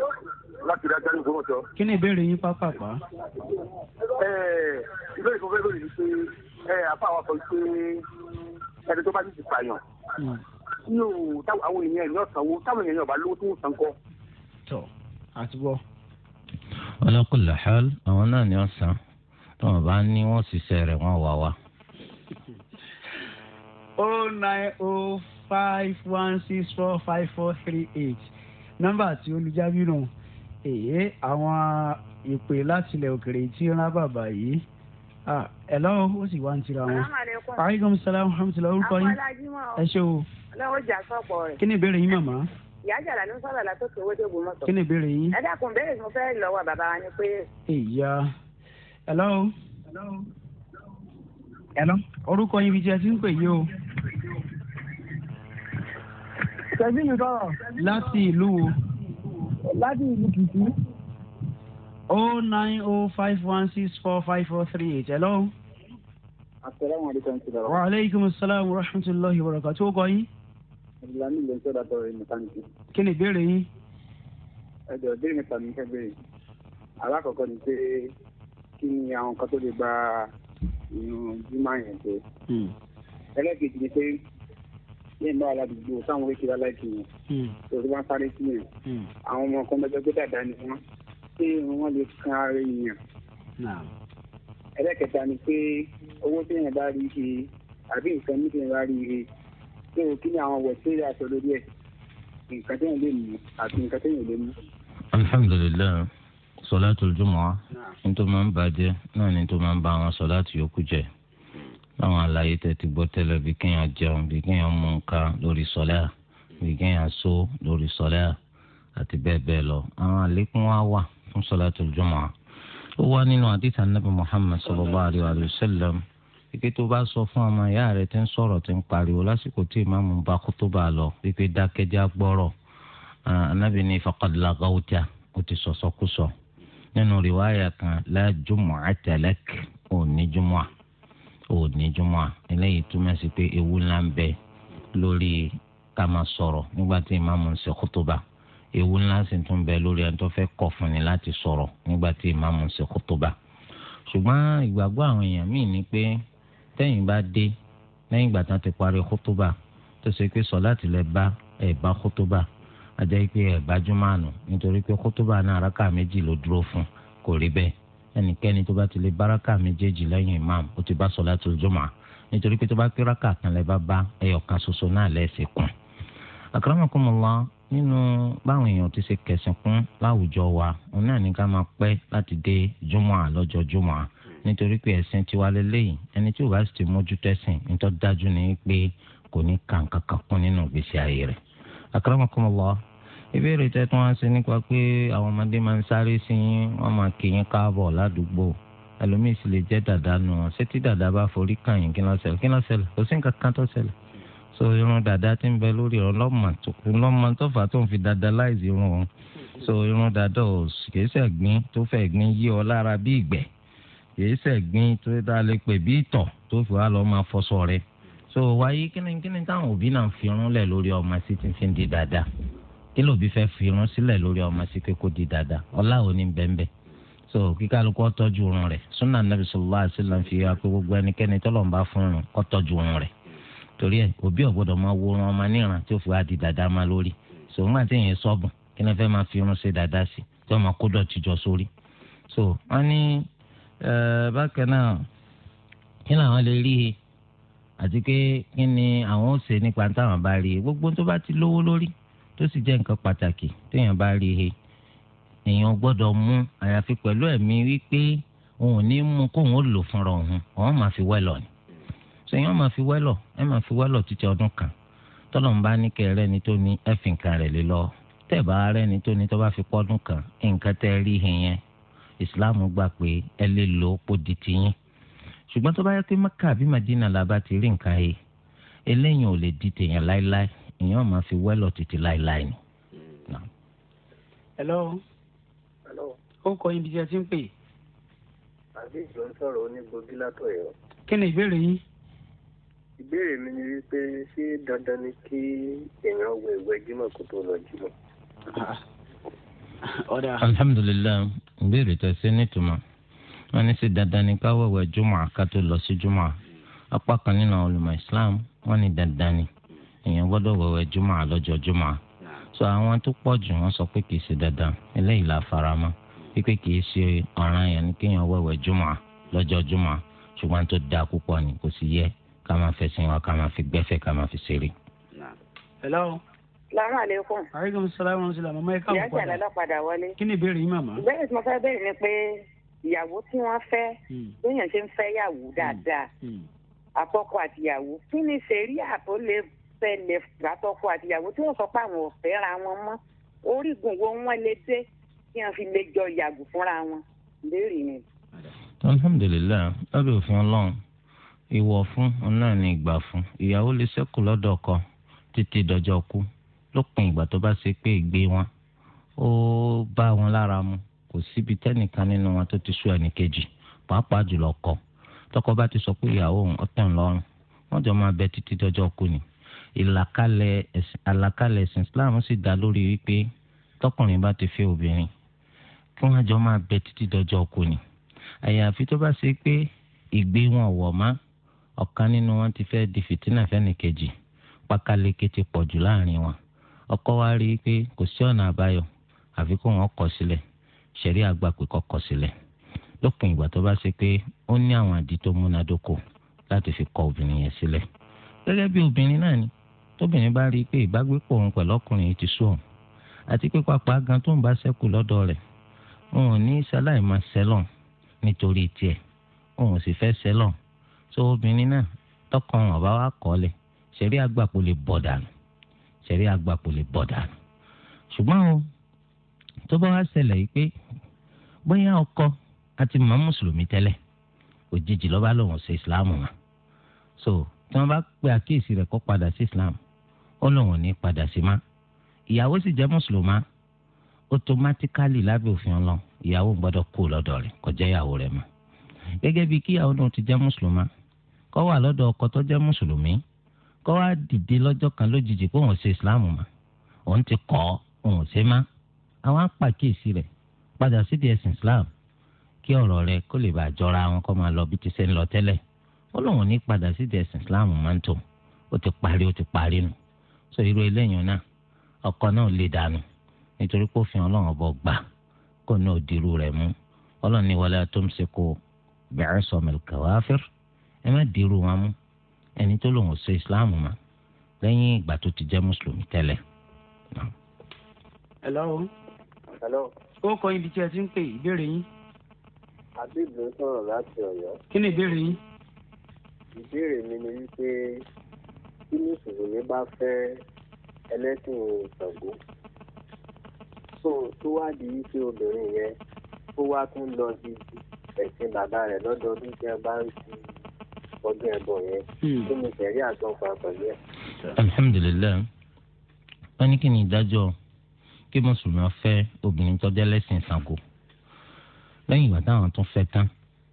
láti rí ajá ní ìgbọmọtọ. kí ni ìbéèrè yín pápápá. ẹ ìbéèrè kan fẹ́ lórí pé ẹ àfa àwọn sọ pé ẹni tó bá ti ti pààyàn hmm. nínú àwọn èèyàn ẹ̀yàn sanwó táwọn èèyàn ọba lówó tó ń san kọ́. tọ àti bọ. ọlọ́kùnrin làhálà àwọn náà ni wọ́n san tí wọ́n bá ní wọ́n ṣiṣẹ́ rẹ̀ wọ́n wá wa. Oh five one six four five four three eight nọ́mbà tí olùjábí nù èyí àwọn ìpè láti ilẹ̀ òkèrè tí ó ń rá bàbà yìí ẹ lọ́wọ́ ó sì wá ń tira wọn. aleykum salaam alhamdulilayi orúkọ yín ẹ ṣe o. lọ́wọ́ jà sọ́pọ̀ rẹ̀. kí ni ìbéèrè yín màmá. ìyá jàlá ló ń sọ̀rọ̀ látòkè owó tó gbòmọ̀ sọ. kí ni ìbéèrè yín. ẹ dákun béèrè mo fẹ́ lọ́wọ́ bàbá wa ni pé. ìyá ẹ lọ́wọ́. ẹ lọ́wọ́. orúkọ yín fi jẹ́ ti ń pè yí o ṣẹ́bí mi sọ̀rọ̀. láti ìlú wo. láti ìlú kìkì. o nine o oh five one six four five four three eight hello. asalaamualeykum sọ̀rọ̀. wa aleykum salaam wa rahmatulahi wa barakatuh o kọ yín. ìlànà ìlú sọ̀rọ̀ àtọ̀rọ̀ ìmọ̀ sáńtì. kí ni ìbéèrè yín. ẹ jọ̀ọ́ bí mi sàmì fẹ́ bẹ́ẹ̀ alákọ̀ọ́kọ́ ni pé kí ni àwọn kan tó lè gba ìrùn jimá yẹn ṣe. Hmm. ẹlẹ́kejì ni pé ní ìlú aládùúgbò táwọn orí kiri aláìsí yẹn tòṣì bá ń sáré sí yẹn hmm. àwọn ọmọ kan bẹ́ẹ̀ gbé dàda ni wọ́n pé wọ́n lè kan ara èèyàn. ẹlẹ́kẹta ni pé owó tí èèyàn bá rí ṣe àbí nǹkan ní èèyàn bá rí ṣe pé o kí ni àwọn ọ̀wọ̀ tí aṣọ lórí ẹ̀ nǹkan tí èèyàn lè mú àti nǹkan tí èèyàn lè mú. alhamdulilayi sọlá tó jùmọ̀ nítorí máa ń bàjẹ́ náà nítorí máa ń bá àwọn sọlá tó yòókù jẹ́ láwọn àlàyé tẹ́ ti gbọ́ tẹ́lẹ̀ bí kéèyàn jẹun bí kéèyàn mú nǹkan lórí sọ́lẹ́à bí kéèyàn só lórí sọ́lẹ́à àti bẹ́ẹ̀ bẹ́ẹ̀ lọ àwọn àlékún wa wà fún sọ́látù jùmọ̀ ó wá nínú àdìtà nàbì Muhammad sallallahu alaihi wa sallam pípé tó bá sọ fún ọmọ ìyá rẹ̀ tí ń sọ̀rọ̀ tí ń pariwo lásìkò tí ìmáàmù bá kú tó bá lọ pípé dákẹ́já gbọ́rọ̀ anábì ní faqad laghawta ó ti sọ̀sọ́kúsọ nínú rìwáyà kan la jumu'ata lak òní jùmọ̀ à òní jùmọ̀ eléyìí túmọ̀ sí pé ewu ńlá ń bẹ lórí ká máa sọ̀rọ̀ nígbà tí ìmáàmù ń ṣe kútúbà ewu ńlá sì tún bẹ lórí ẹni tó fẹ́ kọ̀ fún ni láti sọ̀rọ̀ nígbà tí ìmáàmù ń ṣe kútúbà ṣùgbọ́n ìgbàgbọ́ àwọn èèyàn míì ni pé tẹ́yìn bá dé lẹ́yìn ìgbà tán ti parí kútúbà tó ṣe pé sọ̀láàtì lẹ bá ẹ̀ bá kútúbà àjẹ́ pé ẹ̀ bá jùmọ̀ àná nítorí pé kútúbà náà rákà méjì ló dúró fún kò rí bẹ́ẹ̀ ẹnikẹ́ni tó bá ti lè baraka méjèèjì lẹ́yìn imam ó ti bá solatul jumu'ah nítorí pé tó bá pé rákà kan lẹ́ bá bá ẹyọ̀kan ṣoṣo náà lẹ́ẹ̀sì kún. akramakumullah nínú báwọn èèyàn ti ṣe kẹsìn kún láwùjọ wa òun náà ní ká máa pẹ́ láti dé jumu'ah lọ́jọ́ jumu'ah nítorí pé ẹ̀sìn tiwa lélẹ́yìn ẹni tí ò bá sì ti mójútó ẹ̀sìn nítọ́ dájú ni pé kò ní kàǹkàǹkà kún nínú ìgbésí ayé rẹ̀ akramakumullah ìbéèrè tẹ́tún wá sí nípa pé àwọn ọmọdé máa ń sáré sí yín wọ́n máa kì í káàbọ̀ ládùúgbò ẹlòmíì sì lè jẹ́ dàda nù ọ́ ṣé tí dàda bá forí kàn yín kí ló ṣẹlẹ̀ kí ló ṣẹlẹ̀ kò sí nǹkan kan tó ṣẹlẹ̀ so irun dàda ti ń bẹ lórí ọ lọ́mọ tó fà tó ń fi dàda láìsí irun ọ so irun dàda ò kìí ṣẹ̀gbín tó fẹ́ gbín yí ọ lára bí ìgbẹ́ kìí ṣẹ̀gbín tó dá lè pè bí ìtọ̀ tó fi wá lọ́ máa fọṣọ rẹ̀ so wáyé kíni kíni táwọn òbí náà fi irun lẹ̀ lórí ọmọ sí ti fi ń di dàda kí lòbí fẹ́ fi irun sílẹ̀ lórí ọmọ sí pé kó di dáadáa ọlá ò ní bẹ́ńbẹ́ so kíkálukú ọtọ́jú irun rẹ̀ súnà nàbì sallallahu alaihi wasallam fi hàn pé gbogbo ẹnikẹ́ni tọ́lọ̀ ń bá fún irun ọtọ́jú irun rẹ̀ torí ẹ̀ òbí ọ̀gbọ́dọ̀ máa wo irun ọmọ níran tí ó fi wá di dáadáa máa lórí so ńgbà tí èèyàn sọ́ọ̀bùn kí ni fẹ́ máa fi irun ṣe dáadáa sí tí wọ́n máa kó dọ̀tí jọ sórí so wọ́n ní bákan náà kí làwọn lè rí àti ni àwọn ò ṣe nípa táwọn bá tó sì jẹ́ nǹkan pàtàkì téèyàn bá rí he èèyàn gbọ́dọ̀ mú àyàfi pẹ̀lú ẹ̀mí wípé òun ò ní mú kóun ó lò fúnra òun òun máa fi wẹ́lọ̀ ni so èèyàn máa fi wẹ́lọ̀ ẹ máa fi wẹ́lọ̀ títí ọdún kan tọ́lọ̀ ń bá ní kẹ́ rẹ́ni tó ní ẹ̀fìn kan rẹ̀ lé lọ tẹ́ bá rẹ́ni tó ní tó bá fi pọ́dún kan nǹkan tẹ́ rí he yẹn Islam gbà pé ẹ lè lò ó pò di tiyín ṣùgbọ́n tó bá yẹ pé Mẹ́kà àbí Madina la bá ti rí nǹkan yìí eléyìí ò lè di tèèyàn láéláé ìyẹn máa fi wẹ́lọ̀ títí láéláé ni. Hmm. hello ó kọ ibi tí a ti ń pè. àbí ìjọ ń sọ̀rọ̀ onígbòbí látọ̀yọ́. kí ni ìbéèrè yín. ìbéèrè mi ni wípé ṣé dandan ni kí èèyàn wẹ ìwẹ̀ jímọ̀ kó tó lọ jímọ̀. alhamdulilayi ìbéèrè tẹ ṣe nítumọ̀ wọn ní sí dandan ni ká wẹ̀wẹ̀ jùmọ̀ ká lọ sí jùmọ̀ apá kan nínú olùmọ̀ islam wọn ní dandan ni èèyàn gbọ́dọ̀ wẹ̀wẹ̀ jùmọ̀ àlọ́jọ́ jùmọ̀ so àwọn tó pọ̀ jù wọ́n sọ pé kìí ṣe dandan eléyìí la faramọ́ pípé kìí ṣe ọ̀ràn yẹn ni kéèyàn wẹ̀wẹ̀ jùmọ̀ lọ́jọ́ jùmọ̀ ṣùgbọ́n tó dáa púpọ̀ ni kò sì yẹ ká máa fẹsẹ̀ wa ká máa fi gbẹ́fẹ̀ ká máa fi ṣeré. hello. Salaamu aleykum. Aleykum salaam wa rahmatulah. Mama Eka Mukwada. Ìyá Jàlá lọ́padà wọlé. Kí ni ìbéèrè yín màmá? Ìbéèrè tí mo fẹ́ bẹ̀rẹ̀ ni pé ìyàwó tí wọ́n fẹ́ lóyún hmm. ṣe ń fẹ́ yàwó hmm. dáadáa. Àkọ́kọ́ hmm. àtìyàwó. Kí ni ṣèríà tó lè ṣẹlẹ̀ látọkọ àtìyàwó tí wọ́n sọ pé àwọn ò fẹ́ ra wọn mọ́ orígun wo wọ́n lè ṣe kí wọ́n fi lè jọ yàgò fúnra wọn léèrè ni. alhamdulilayi lábẹ́ òfin ọlọ́run ìwọ fún náà ni ìgbà fún ìyàwó lè ṣẹ́kù lọ́dọ̀ ọkọ títí dọjọ́ kú lópin ìgbà tó bá ṣe pé ìgbé wọn ó bá wọn lára mu kò síbi tẹ́nìkan nínú wọn tó ti sú ẹnìkejì pàápàá jùlọ kọ tọkọ bá ti sọ pé ìyàwó òun ọtàn lọ́rùn wọn jọ máa bẹ títí dọjọ́ kú ni ìlàkalẹ̀ àlàkalẹ̀ ẹ̀sìn islam sì dá lórí wípé tọkùnrin bá ti fẹ́ obìnrin kí wọ́n jọ máa bẹ títí dọjọ́ ọkọ ni àyàfi tó bá ṣe pé ìgbé wọn wọ̀ mọ́ ọ̀kan nínú wọn ti fẹ́ di fìtínà fẹ́nìkejì pákáleke ti pọ̀ jù láàrin wọn ọkọ wa rí i pé kò sí ọ̀nà àbáyọ àfi kó wọn kọ̀ sílẹ̀ ṣẹ̀rí àgbà pé kọ́kọ́ sílẹ̀ lópin ìgbà tó bá ṣe pé ó ní àwọn àdí tó múnádóko láti fi kọ̀ obìnrin yẹn sílẹ̀ gẹ́gẹ́ bí obìnrin náà ni tóbìnrin bá rí i pé ìbágbépọ̀ òun pẹ̀lú ọkùnrin yìí ti sú òun àti pé pàápàá gan tó ń bá ṣẹ́kù lọ́dọ̀ rẹ̀ òun ò ní sáláì máa sẹ́lọ̀n nítorí tiẹ̀ òun ò sì fẹ́ sẹ́lọ̀n tó obìnrin náà tọkàn ọ̀bá wa kọ́lẹ̀ ṣẹ̀rí àgbàpò lè bọ̀ dànù ṣẹ̀rí àgbàpò lè bọ̀ dànù ṣùgbọ́n o tó bá wá ṣẹlẹ̀ yìí pé bóyá ọkọ àti màmá mùsùlùmí tẹ́lẹ̀ òjijì lọ́ba lòun ṣe ìsìláàmù wọn so tí wọ́n bá pe àkíyèsí rẹ̀ kó padà sí ìsìláàmù ó lòun ò ní padà sí má ìyàwó sì jẹ́ mùsùlùmá automatically lábẹ́ òfin ọlọ́ ìyàwó gbọ́dọ̀ kú lọ́dọ̀ rẹ̀ kó jẹ́ ìyàwó rẹ̀ mọ́ gẹ́gẹ́ bíi kí ìyàwó náà ti jẹ́ mùsùlùmá kó wà lọ́dọ̀ ọkọ tó jẹ́ mùsùlùmí kó wá dìde lọ́jọ́ kan lójijì pé òun ṣe islam mọ́ òun ti kọ́ òun ṣe má àwọn apàkíyèsí rẹ̀ padà sídìí ẹ̀sìn islam kí ọ̀rọ̀ rẹ̀ kó lè bàa jọra wọn kó máa lọ bí ti ṣe ń lọ tẹ́lẹ̀ ó lóun ní padà sídìí ẹ̀sìn islam máa ń tò ó ti parí ó ti parí nù sọ irú eléyìí náà ọkọ náà lè dànù nítorí pé òfin ọlọ́run ọbọ̀ gbà kó náà dirú rẹ̀ mú ọlọ́run ní wala tumsiku bi'asamil kawafir ẹ má dirú wọn mú ẹni tó lòun ò ṣe ìsìláàmù mọ́ lẹ́yìn ìgbà tó ti jẹ́ mùsùlùmí tẹ́lẹ̀. O hello. ó kọ ibi tí ẹ ti ń pè ìbéèrè yín. àbíbù ń sọ̀rọ̀ láti ọ̀yọ́. kí ni ìbéèrè yín? ìbéèrè mi ni wípé tí mùsùlùmí bá fẹ́ ẹlẹ́sìn Ṣàngó so tó wá di wípé obìnrin yẹn ó wá tún lọ di ẹ̀sìn bàbá rẹ̀ lọ́dọọdún tí ẹ bá ń ti ọdún ẹbọ yẹn hmm. kí ni sẹ̀rí àtọ́fà pẹ̀lú ẹ̀. alhamdulilayi wọn ní kí ni ìdájọ́ kí mùsùlùmí fẹ́ obìnrin tó jẹ́ lẹ́sìn Ṣàngó lẹ́yìn ìgbà táwọn tún fẹ́ tán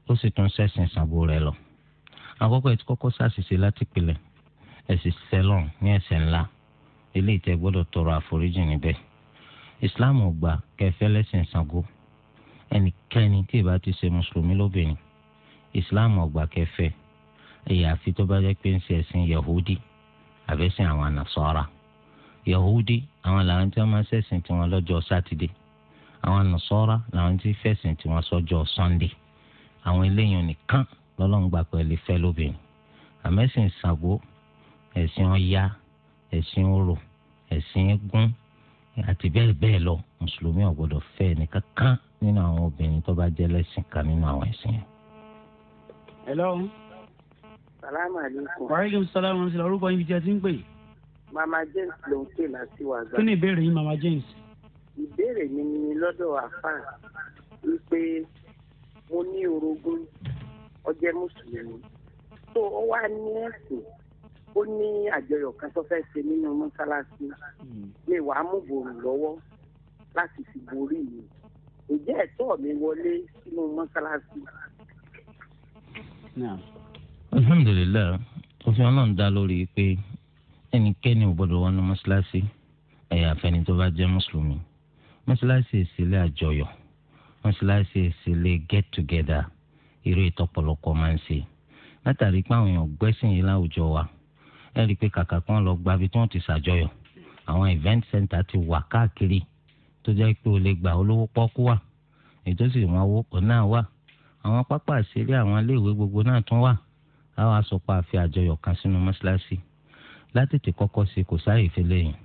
ó sì tún ṣẹ̀sìn Ṣàngó rẹ̀ lọ àkọ́kọ́ ẹ̀ tí kọ́kọ́ ṣàṣìṣe láti pilẹ̀ ẹ̀sìn sẹ́lọ̀n ní ẹ̀ṣẹ̀ ńlá eléyìí tẹ́ gbọ́dọ̀ tọrọ àforíjì níbẹ̀ ìsìláàmù gbà kẹfẹ́ lẹ́sìn Ṣàngó ẹnikẹ́ni tí ìbá ti ṣe mùsùlùmí lóbìnrin ìsìláàmù ọgbà kẹfẹ́ ẹ̀yà àfi tó bá jẹ́ pé ń ṣe ẹ̀sìn yahudi àbẹ́sìn àwọn ànàsọ́ra yahudi àwọn làwọn tí wọ́n máa ṣẹ̀sìn tiwọn lọ́jọ́ sátidé àwọn ànàsọ́ra làwọn tí fẹ̀sìn tiwọn sọ́jọ́ sọ́ndé àwọn eléyìí nìkan lọ́lọ́ngbà pẹ̀lú fẹ́ lóbìnrin àmẹ́sìn Ṣàngó ẹ̀sìn ọya ẹ̀sìn orò ẹ̀sìn eégún àti bẹ́ẹ̀ bẹ́ẹ̀ lọ mùsùlùmí ò gbọ́dọ̀ fẹ́ ẹni kankan nínú àwọn obìnrin tó bá jẹ́ lẹ́sìn kan nínú àwọn ẹ̀sìn yẹn. hello. salaamu aleykum. waaleykum salaam wa rahmatulah orúkọ yín fi jẹ́ ti ń pè. mama james ló ń pè láti wàzà. kí ni ìbéèrè yín mama james. ìbéèrè mi ni lọ́dọ̀ àfáà wípé mo ní orogún ọjẹ́ mùsùlùmí tó wà ní ẹ̀sìn ó ní àjọyọ̀ kan tó fẹ́ ṣe nínú mọ́ṣáláṣí hmm. lè wàá mú bòrò lọ́wọ́ láti fi borí mi ǹjẹ́ ẹ̀tọ́ mi wọlé sínú mọ́ṣáláṣí. alhamdulilayi òfin ọlọ́run dá lórí pé ẹnikẹ́ni ò gbọ́dọ̀ wọnú mọ́ṣáláṣí ẹ̀yà àfẹni tó bá jẹ́ mùsùlùmí mọ́ṣáláṣí ìsílẹ̀ àjọyọ̀ mọ́ṣáláṣí ìsílẹ̀ get together irú ìtọ́pọ̀lọpọ̀ máa ń ṣe látàrí pé àwọn èèyàn gbẹ́sìn yìí láwùjọ wa ẹ rí i pé kàkà kan lọ gba ibi tí wọ́n ti ṣàjọyọ̀ àwọn event center ti wà káàkiri tó jẹ́ pé o lè gba olówó pọ́kú wà ètò sì wọn owó pọ̀ náà wà àwọn pápá àṣírí àwọn iléèwé gbogbo náà tún wà àwọn asopọ̀ àfi àjọyọ̀ kan sínú mọ́ṣáláṣí láti ti kọ́kọ́ sí kò sáàyè fẹ́lẹ́ yìí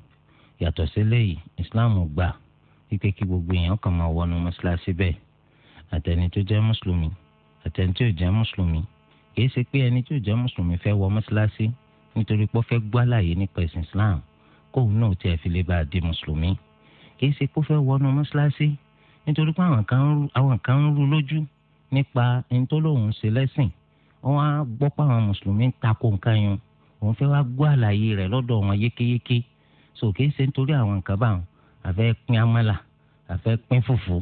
yàtọ̀ sílẹ̀ yìí Islam gbà wípé kí gbogbo èèyàn kàn máa wọnú mọ́ṣáláṣí bẹ́ẹ̀ àtẹni tó jẹ́ mùsùlùmí àtẹni tó jẹ́ mùsùlùmí kìí ṣe pé ẹni tó jẹ́ mùsùlùmí fẹ́ wọ mọ́ṣáláṣí nítorí pé ó fẹ́ gbọ́ àlàyé nípa ẹ̀sìn islam kóun náà tiẹ̀ fi lè bá a di mùsùlùmí kì í ṣe pé ó fẹ́ wọnú mọ́ṣáláṣí nítorí pé àwọn kan ń rú lójú nípa ẹni tó lóun ṣe lẹ́sìn wọ́n á gbọ́ pé àwọn mùsùlùmí ń takò nǹkan yẹn òun fẹ́ wá gbọ́ àlàyé rẹ̀ lọ́dọ̀ wọn yékéyéké so kì ṣe nítorí àwọn nǹkan báwọn àfẹ́ pín amálà àfẹ́ pín fùfú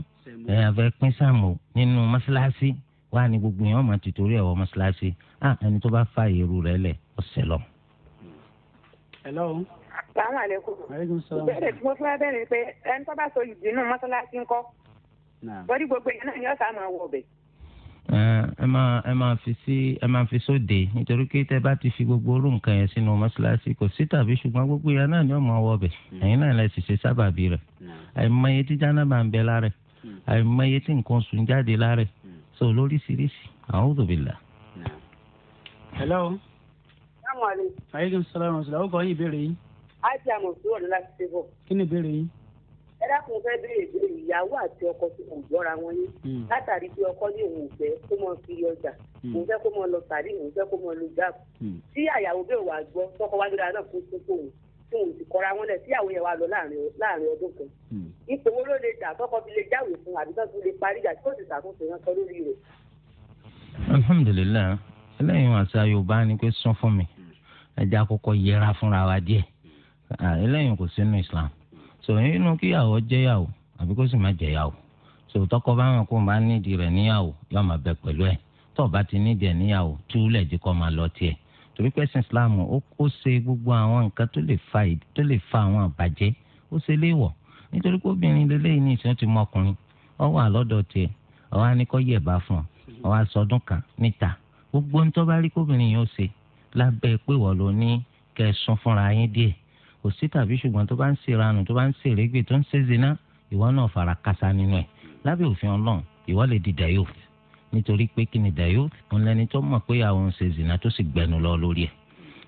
àfẹ́ pín sàmù nínú mọ́ṣáláṣí wá ní gbogbo yẹn wọ́n máa tìtorí ẹ̀wọ̀ mọ́ṣáláṣí ah ẹni tó bá fa èrú rẹ̀ lẹ̀ ọ̀sẹ̀ lọ́mọ hello. salaamu aleykum. aleykum salaam. ìbéèrè tí mo fẹ́ bẹ̀rẹ̀ pé ẹni tó bá so yìí nínú mọ́sálásí ń kọ́. bọ́dí gbogbo yẹn náà ni ọ̀sán máa wọ̀ bẹ̀. ẹ máa ẹ máa fi sí ẹ máa fi sóde nítorí pé tẹ bá ti fi gbogbo orú nǹkan yẹn sínú mọ́sálásí kò sí tàbí ṣùgbọ́n gbogbo yẹn náà ni ọ̀ máa wọ̀ bẹ̀ hmm. ẹ̀yin náà lẹ sì ṣe sábàbí rẹ̀ àìmọye tí jánábà ń bẹ lára hmm. àìmọye tí nǹkan sùn jáde lára hmm. so lóríṣiríṣi a'udhu billah. hello salaamaleykum. aleykum salaam wa rahmatulah o kò yín ìbéèrè yín. àti àmọ̀ sí ọ̀dọ́ láti ṣe bọ̀. kí ni ìbéèrè yín. ẹ dákun fẹ́ béèrè pé ìyàwó àti ọkọ tí kò jọra wọn yín hmm. látàrí pé ọkọ ní òun fẹ́ kó mọ kiri ọjà hmm. òun fẹ́ kó mọ lọ sàrí òun fẹ́ kó mọ lu gáp. tí àyàwó bẹ́ẹ̀ wà gbọ́ tọkọ wájú ra náà fún fún fóun fún òun ti kọra wọn lẹ tí àwọn yẹn wà lọ láàrin ọdún kan hmm. ipò wo ló lè dà tọkọ fi lè jáwèé fún àbí tó fi lè parí ìjà tí kò sì ṣàkóso yẹn sọ lórí rẹ̀. alhamdulilayi ẹlẹ́yin àṣà yorùbá ni pé sọ fún mi ẹjẹ àkọ́kọ́ yẹra fúnra wa díẹ̀ eléyìí kò sínú islam so nínú kíyàwó jẹyàwó àbí kó sì má jẹyàwó so tọkọ bá wọn kó má nídìí rẹ̀ níyàwó yóò má bẹ pẹ̀lú ẹ tó bá ti nídìí ẹ níyàwó túlẹ̀ jí kọ́ máa lọ tiẹ̀ torí pé islam ó ṣe gbogbo àwọn nǹkan tó lè fa tó lè fa àwọn àbàjẹ́ ó ṣe léèwọ̀ nítorí pé obìnrin lélẹ́yìn ní ìsìn ó ti mọ ọkùnrin ọ wà lọ́dọ̀ tiẹ̀ ọ wá ní kọ́ yẹ̀bá fún ọ ọ wá sọdún kan níta gbogbo ń tọ́ bá rí kóbìnrin yóò ṣe lábẹ́ pé wọ́n ló ní kẹsùn fúnra yín díẹ̀ kò sí tàbí ṣùgbọ́n tó bá ń ṣe ìranù tó bá ń ṣe ìrégbè tó ń ṣe zina ìwọ náà fara kásá nínú ẹ̀ lábẹ́ òfin ọlọ́run ìwọ lè di dayo nítorí pé kí ni dayo òun lẹni tó mọ̀ pé àwọn ń ṣe zina tó sì gbẹnu lọ lórí ẹ̀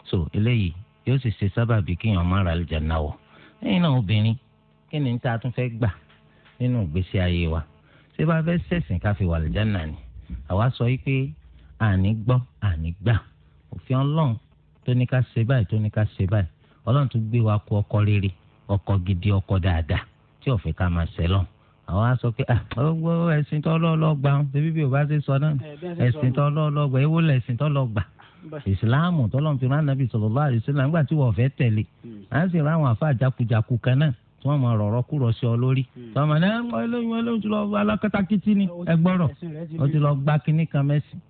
so eléyìí yóò sì ṣe sábàbí kí èèyàn má ra lè jẹun náwọ lẹ́yìn náà obìnrin kí ni tá a tún fẹ́ gbà nínú ìgbésí ayé wa ṣé bá fẹ́ ṣẹ̀sìn ká lè jẹun náà ni àwa sọ yìí pé àní gbọ́ àní gbà òfin ọlọ́run tó ní ká ṣe báyìí tó ní ká ṣe báyìí ọlọ́run tún gbé wa kú ọkọ rere ọkọ gidi ọkọ dáadáa tí ó fẹ́ ká máa ṣẹ lọ àwọn á sọ pé ọwọ́ ah, ẹ̀sìn tó lọ́ọ́lọ́gba bíbí bí o bá ṣe sọ náà ẹ̀sìn tó lọ́ọ́lọ́gba èwo lẹ̀sìn tó lọ́ọ́gba ìsìláàmù tọ́lọ́run fi rán nàbì sallallahu alaihi wasallam nígbà tí wọ́n fẹ́ tẹ̀lé hmm. à ń sì rán àwọn àfa àjàkújàkú kan náà tí wọ́n máa rọ̀rọ̀ kúrọ̀ sí ọ lórí. Hmm. tọ́mọ náà ẹ lóyún ẹ lóyún ti lọ alákatakítí ni ẹ gbọ́rọ̀ ó ti lọ gbá kinní kan mẹ́sìn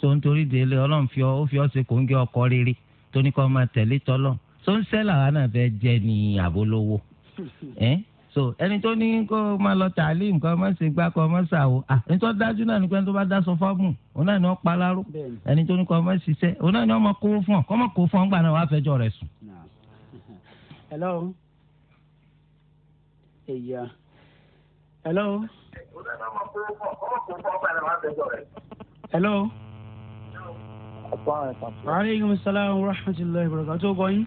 tó ń torí délé ọlọ́run fi ọ ó fi ọ ṣe kò ń gé ọkọ rere tó ní kọ́ máa tẹ̀lé tọ́lọ̀ tó ń sẹ́là wa náà fẹ́ jẹ́ ní àbólówó ẹ́ so ẹni tó ní kó máa lọ tààlí nǹkan máa ṣe gbá kọ́ máa ṣàwò ẹni tó dájú náà ní pé ẹni tó bá dá sọ fọ́ọ̀mù òun náà ni wọ́n pa láró ẹni tó ní kọ́ máa ṣiṣẹ́ òun náà ni wọ́n máa kówó fún ọ kọ́ máa kówó fún ọ ńgbà náà wàá fẹjọ́ rẹ̀ sùn. hello hello hello hello. waaleykum salaam wa rahmatulahi wa barakatuh bọ́ yín.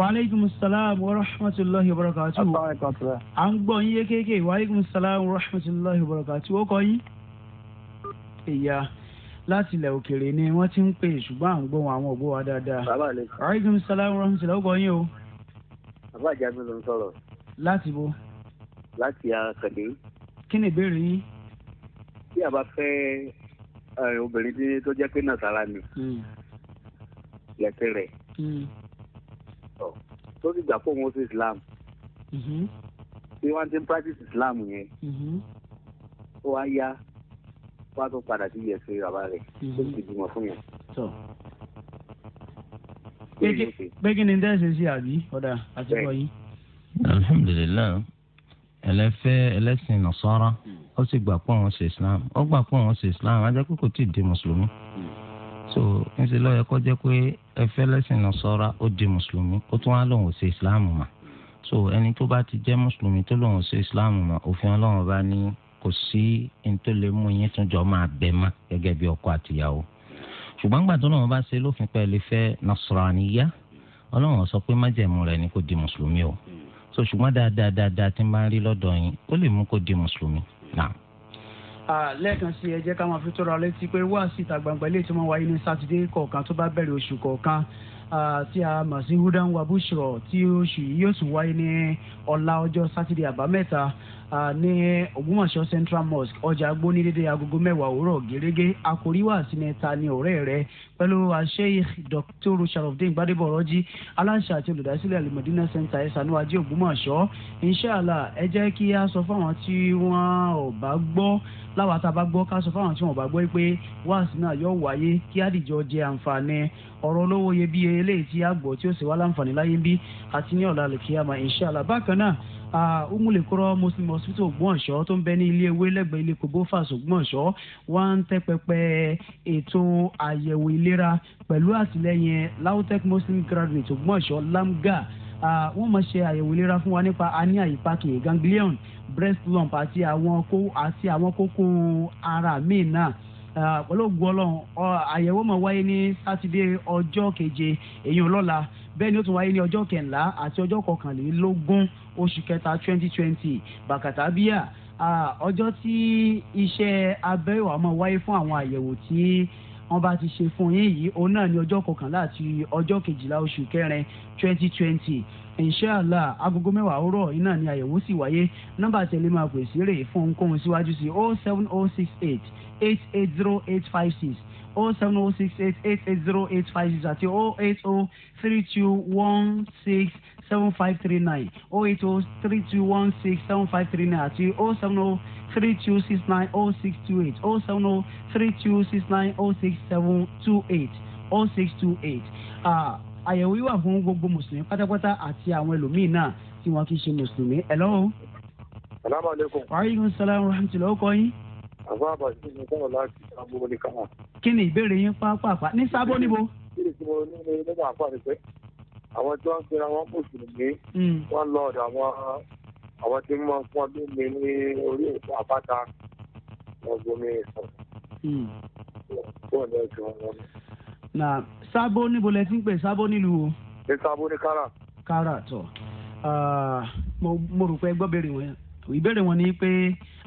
waaleykum salaam wa rahmatulahi wa barakatuh. à ń gbọ́ yín yékéyéké waaleykum salaam wa rahmatulahi wa barakatuh ó kọ́ yín. ìyá láti ilẹ̀ òkèèrè ni wọ́n ti ń pè ṣùgbọ́n à ń gbọ́ wọn àwọn ògbó wa dáadáa. waaleykum salaam wa rahmatulahi ó kọ́ o. bàbá àjàgbé ló ń sọ̀rọ̀. láti bo. láti akande. kí ni ìbéèrè yín tí a bá fẹ́ obìnrin tí tó jẹ́ pé nàṣàrà ni lẹ́sẹ̀ hmm. rẹ̀ hmm. tó sì gbà fóun ó sí Islam tí mm-hmm. wọ́n ti ń practice Islam yẹn mm-hmm. ó wá yá wá tó padà sí yẹ̀sẹ̀ bàbá rẹ̀ tó sì mm-hmm. bímọ fún yẹn pé kí ni dẹ́sẹ̀ sí àbí ọ̀dà àti ọ̀yìn. alhamdulilayi ẹlẹ́fẹ́ ẹlẹ́sìn nasara hmm. ó sì gbà pé àwọn ṣe islam ó gbà pé àwọn ṣe islam ajá pé kò tí ì di mùsùlùmí hmm. so ńṣe ló yẹ kó jẹ́ pé ẹfẹ́ ẹlẹ́sìn nasara ó di mùsùlùmí ó tún wá lòun ò ṣe islam mà so ẹni tó bá ti jẹ́ mùsùlùmí tó lòun ò ṣe islam mà òfin ọlọ́run bá ní kò sí ntòlè mú yín tún jọ máa bẹ̀ mọ́ gẹ́gẹ́ bí ọkọ àtìyàwó ṣùgbọ́n gbàtọ́ náà bá ṣe lófin pẹ̀lú fẹ́ nasaraniya ọlọ́run sọ pé májẹ̀mú rẹ̀ ni kò di mùsùlùmí o. Hmm so ṣùgbọ́n dáadáa dáadáa tí máa ń rí lọ́dọ̀ yín ó lè mú kó di mùsùlùmí náà. lẹ́ẹ̀kan sí ẹ jẹ́ ká máa fi tó ra létí pé wáàsí ìta gbangba ilé tí wọ́n wáyé ní sátidé kọ̀ọ̀kan tó bá bẹ̀rẹ̀ oṣù kọ̀ọ̀kan tí a mọ̀ sí húdán wabushro tí oṣù yìí yóò sì wáyé ní ọ̀la ọjọ́ sátidé àbámẹ́ta ní Ògbómọ̀ṣọ́ Central Mosque ọjà agbóni dédé agogo mẹ́wàá òwúrọ̀ gẹ́gẹ́ àkórí wà sí mẹ́ta ní ọ̀rẹ́ rẹ pẹ̀lú àṣẹ Dr. Sharafdin Gbadebo ọ̀rọ̀jì aláṣà àti olùdásílẹ̀ alimọ̀dínà center ẹ̀sánú ajé Ògbómọ̀ṣọ́ inṣàlá ẹ jẹ́ kí a sọ fáwọn tí wọ́n ò bá gbọ́ láwa tá a bá gbọ́ ká sọ fáwọn tí wọ́n ò bá gbọ́ pé wáàsí náà yóò wáyé kí á dìjọ jẹ àǹfààní ọ̀rọ̀ olówó iyebíye eléyìí tí a gbọ́ tí ó sì wá láǹfààní láyé bí àti ní ọ̀la umulekorọ muslim hospital Ògbómọ̀ṣọ́ tó ń bẹ ní ilé ewé lẹ́gbẹ̀ẹ́ ilé kòbófàs Ògbómọ̀ṣọ́ wá ń tẹ́ pẹpẹ ètò àyẹ̀wò ìlera pẹ̀lú àtìlẹ́yìn lautech muslim graduate Ògbómọ̀ṣọ́ lamga wọ́n máa ṣe àyẹ̀wò ìlera fún wa nípa hernia ìpàkì ganglion breast lump àti àwọn kó àti àwọn kókó ara míì náà pẹ̀lú ògùn ọlọ́run àyẹ̀wò máa wáyé ní sátidé ọjọ́ keje èyí ọlọ́la bẹ́ẹ̀ ni ó tún wáyé ní ọjọ́ kẹ̀ńlá àti ọjọ́ kọkànlélógún oṣù kẹta twenty twenty bàkàtà bíyà ọjọ́ tí iṣẹ́ abẹ́ ìwà máa wáyé fún àwọn àyẹ̀wò tí wọ́n bá ti ṣe fún yín yìí òun náà ní ọjọ́ kọkànlá àti ọjọ́ kejìlá oṣù kẹrin twenty twenty inshallah agogo mẹ́wàá àárọ̀ iná ni àyẹ̀wò sì wáyé nọ́mbà tẹ̀lé máa pè sí rè fún ohunkóhun síwájú sí oh seven oh six eight eight eight zero eight five six oh seven oh six eight eight eight zero eight five six àti oh eight oh three two one six seven five three nine oh eight oh three two one six seven five three nine àti oh seven oh three two six nine oh six two eight oh seven oh three two six nine oh six seven two eight oh six two eight àyẹ̀wò yìí wà fún gbogbo mùsùlùmí pátápátá àti àwọn ẹlòmíì náà tí wọn kì í ṣe mùsùlùmí. hello. salaamaleykum. waaleykum salaam wa rahmatulah ọkọ yín. àbá àbàjì mi sọ̀rọ̀ láti sábó ní kánà. kí ni ìbéèrè yín pápápá ní sábó níbo. kí ni ìbéèrè tí ní nígbà àpá àwọn tí wọ́n ń pera wọn mùsùlùmí hmm. wọ́n lọ ọ̀dọ̀ àwọn àwọn tí wọ́n fún ọdún mi ní orí ètò àpáta hmm. wọn gbomi ìsàn. bọ́ọ̀lù ẹ̀jọ̀ wọn. na sábó níbo lẹ ti ń pè sábó nílùú o. ní sábó ní kárà. kárà tọ ah, mo rò pé gbọ́ bèrè wọn ìbéèrè wọn ni pé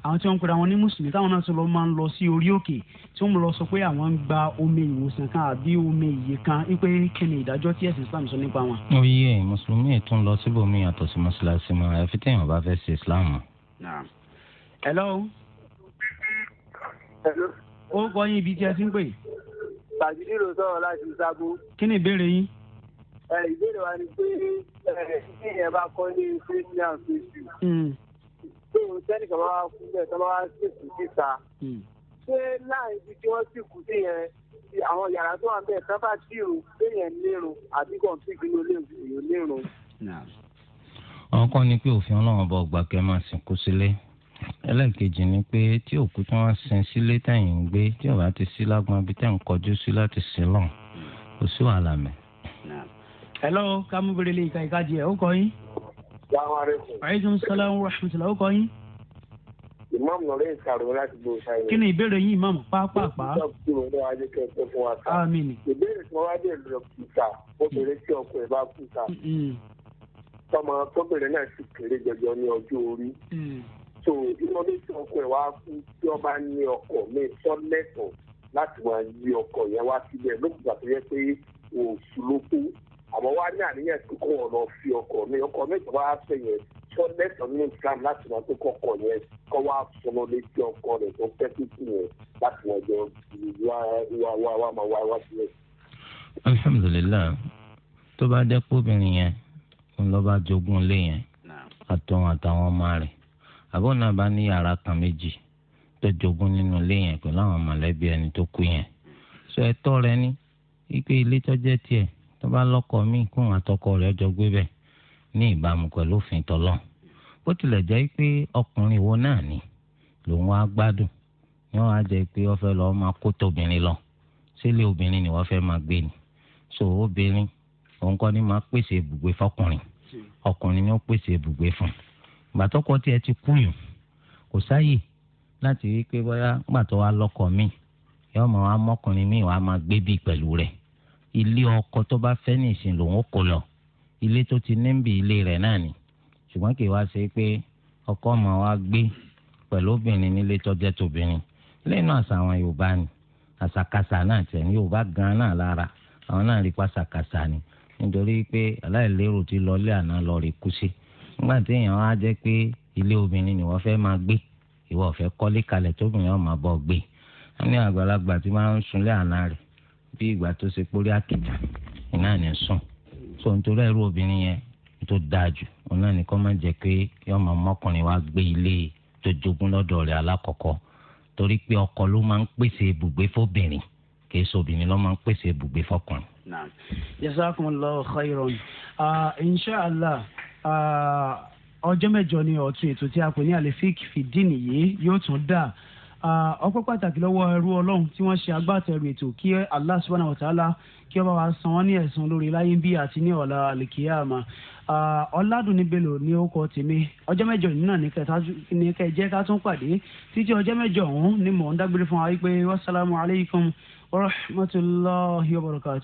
àwọn tí wọ́n ń pera wọn ní mùsùlùmí táwọn náà sọlọ máa ń lọ sí orí òkè tí wọ́n lọ sọ pé àwọn ń gba omi ìwòsàn kan àbí omi ìyè kan wípé kí ni ìdájọ́ tí ẹ̀sìn islam sọ nípa wọn. oyè mùsùlùmí ètò ń lọ síbòmí yàtọ̀ sí mọ́ṣáláṣí mọ́ àyàfi téèyàn bá fẹ́ ṣe islam. hello. O kọ yín ibi tí ẹ ti ń pè. bàbílì ló sọ̀rọ̀ láti ṣáàbù. kí ni ìbéèrè yín. ìbéèrè wa ni pé pé o sẹ́ni kan máa kú bẹ́ẹ̀ tó máa ṣèkú síta hmm. ṣé láì ibi tí wọ́n sìnkú sí yẹn ti àwọn yàrá tó wà ń bẹ̀ sábà dìrò léyìn nírun àbí kọ̀ǹtìkì ló léwu nírun. àwọn kan ní pé òfin ọlọ́run bá ọgbà kẹ́ máa sìnkú sílé ẹlẹ́ẹ̀kejì ni pé tí òkú tí wọ́n sin sílé tẹ̀yìn ń gbé tí ọ̀rá ti sí lágbọ́n bí tẹ̀ ń kọjú sí láti sin lọ́n kò sí wàhálà mẹ́. hello kámúbèrè lè ka ìka jẹ ó kọ yín aleykum salaam wa rahmatulah ó kọ yín. imam nọrẹ ìsàrò láti gbó ṣáyé. kí ni ìbéèrè yín imam pàápàá. àmín. ìbéèrè tí wọn wá dé lọ kùtà obìnrin tí ọkọ ẹ̀ bá kùtà mm-hmm. tọmọ tóbìnrin náà sì kéré jọjọ ní ọjọ́ orí mm. so ìmọ̀lẹ́ tí ọkọ ẹ̀ wá kú tí ọba ní ọkọ mi sọ́lẹ̀tọ̀ láti máa yí ọkọ yẹn wá síbẹ̀ lókùnkà tó yẹ pé òṣù ló kú àmọ́ wá ní àníyàn tí kò ọ̀nà fi ọkọ̀ mi ọkọ̀ mi ìjọba ṣe yẹn tó lẹ́sàn-án nínú Islam láti máa tó kọ̀ọ̀kọ̀ yẹn kọ́ wá sọnà létí ọkọ rẹ̀ tó pẹ́ títí yẹn láti wọ́n jọ wá wá wá máa wá wá sílẹ̀. alhamdulillah tó bá dẹ́pọ̀ obìnrin yẹn ń lọ bá jogún ilé yẹn àtọ̀hún àtàwọn ọmọ rẹ̀ àbọ̀ náà bá ní yàrá kan méjì tó jogún nínú ilé yẹn pẹ̀lú àwọn mọ̀lẹ́bí ẹni tó kú yẹn sọ ẹ̀tọ́ rẹ̀ ní wípé ilé tó tiẹ̀ tó bá lọ́kọ míì kún àtọkọ rẹ̀ jọ gbé bẹ̀ ní ìbámu pẹ̀lú òfin tọ́lọ́ bó tilẹ̀ jẹ́ pé ọkùnrin wo náà ni lòun á gbádùn ni wọ́n á jẹ́ pé wọ́n fẹ́ lọ́ọ́ máa kó tóbìnrin lọ sílé obìnrin ni wọ́n fẹ́ máa gbé ni so obìnrin òun kọ́ ni máa pèsè ibùgbé fọkùnrin ọkùnrin ni ó pèsè ibùgbé fún gbàtọ́kọ tiẹ̀ ti kúyùn kò sáyè láti rí i pé bóyá gbàtọ́ wa lọ́kọ míì yọ́ọ́ máa wá mọ́kùnrin míì wàá máa gbé bíi pẹ̀lú rẹ̀ ilé ọkọ tó bá fẹ́ ní ìsìn lòun ó lọ ilé tó ti níbi ilé rẹ̀ náà ni ṣùgbọ́n kì í wá ṣe pé ọkọ ọmọ wa gbé pẹ̀lú obìnrin nílé tọ́jẹ́ tóbìnrin lẹ́nu àṣà àwọn yorùbá ni àṣàkáṣà náà tẹ̀ ní yorùbá gan náà lára àwọn náà rí pàṣàkáṣà ni nítorí pé aláìlérò ti lọlé àná lọ rè kúṣe. nígbà tí èèyàn á jẹ́ pé ilé obìnrin ni wọ́n fẹ́ máa gbé ìwọ ọ̀fẹ́ kọ́lé kalẹ̀ tóbìnrin ọ̀ máa bọ̀ gbé wọ́n ní àgbàlagbà tí máa ń sunlé àná rẹ̀ bí ìgbà tó ṣe pórí àkìtà iná ní sùn so nítorí ẹrú obìnrin yẹn tó dáa jù òun náà ní kó má jẹ́ pé yọ máa mọ́kùnrin wá gbé ilé tó jogún lọ́dọ̀ rẹ̀ alákọ̀ọ́kọ́ torí pé ọkọ ló máa ń pèsè ibùgbé fóbìnrin kì í sobìnrin ló máa ń pèsè ibùgbé fọkùnrin. naam jazakumullahu khairan inshallah ọjọ́ mẹ́jọ ni ọ̀tún ètò tí a pè ní àlefik fìdí nìyí yóò tún dáa ọpẹ́ pàtàkì lọ́wọ́ ẹrú ọlọ́run tí wọ́n ṣe agbátẹrù ètò kí Allah subhanahu wa ta'ala kí ọba wa san wọ́n ní ẹ̀san lórí láyé bí àti ní ọ̀la àlìkíyàmà ọ̀làdùnní belò ní orúkọ tèmi ọjọ́ mẹ́jọ nínú ní kẹjẹ́ ká tún pàdé títí ọjọ́ mẹ́jọ ọ̀hún ni mò ń dágbére fún wa wípé wassalamu alaikum warahmatullahi wabarakatuh.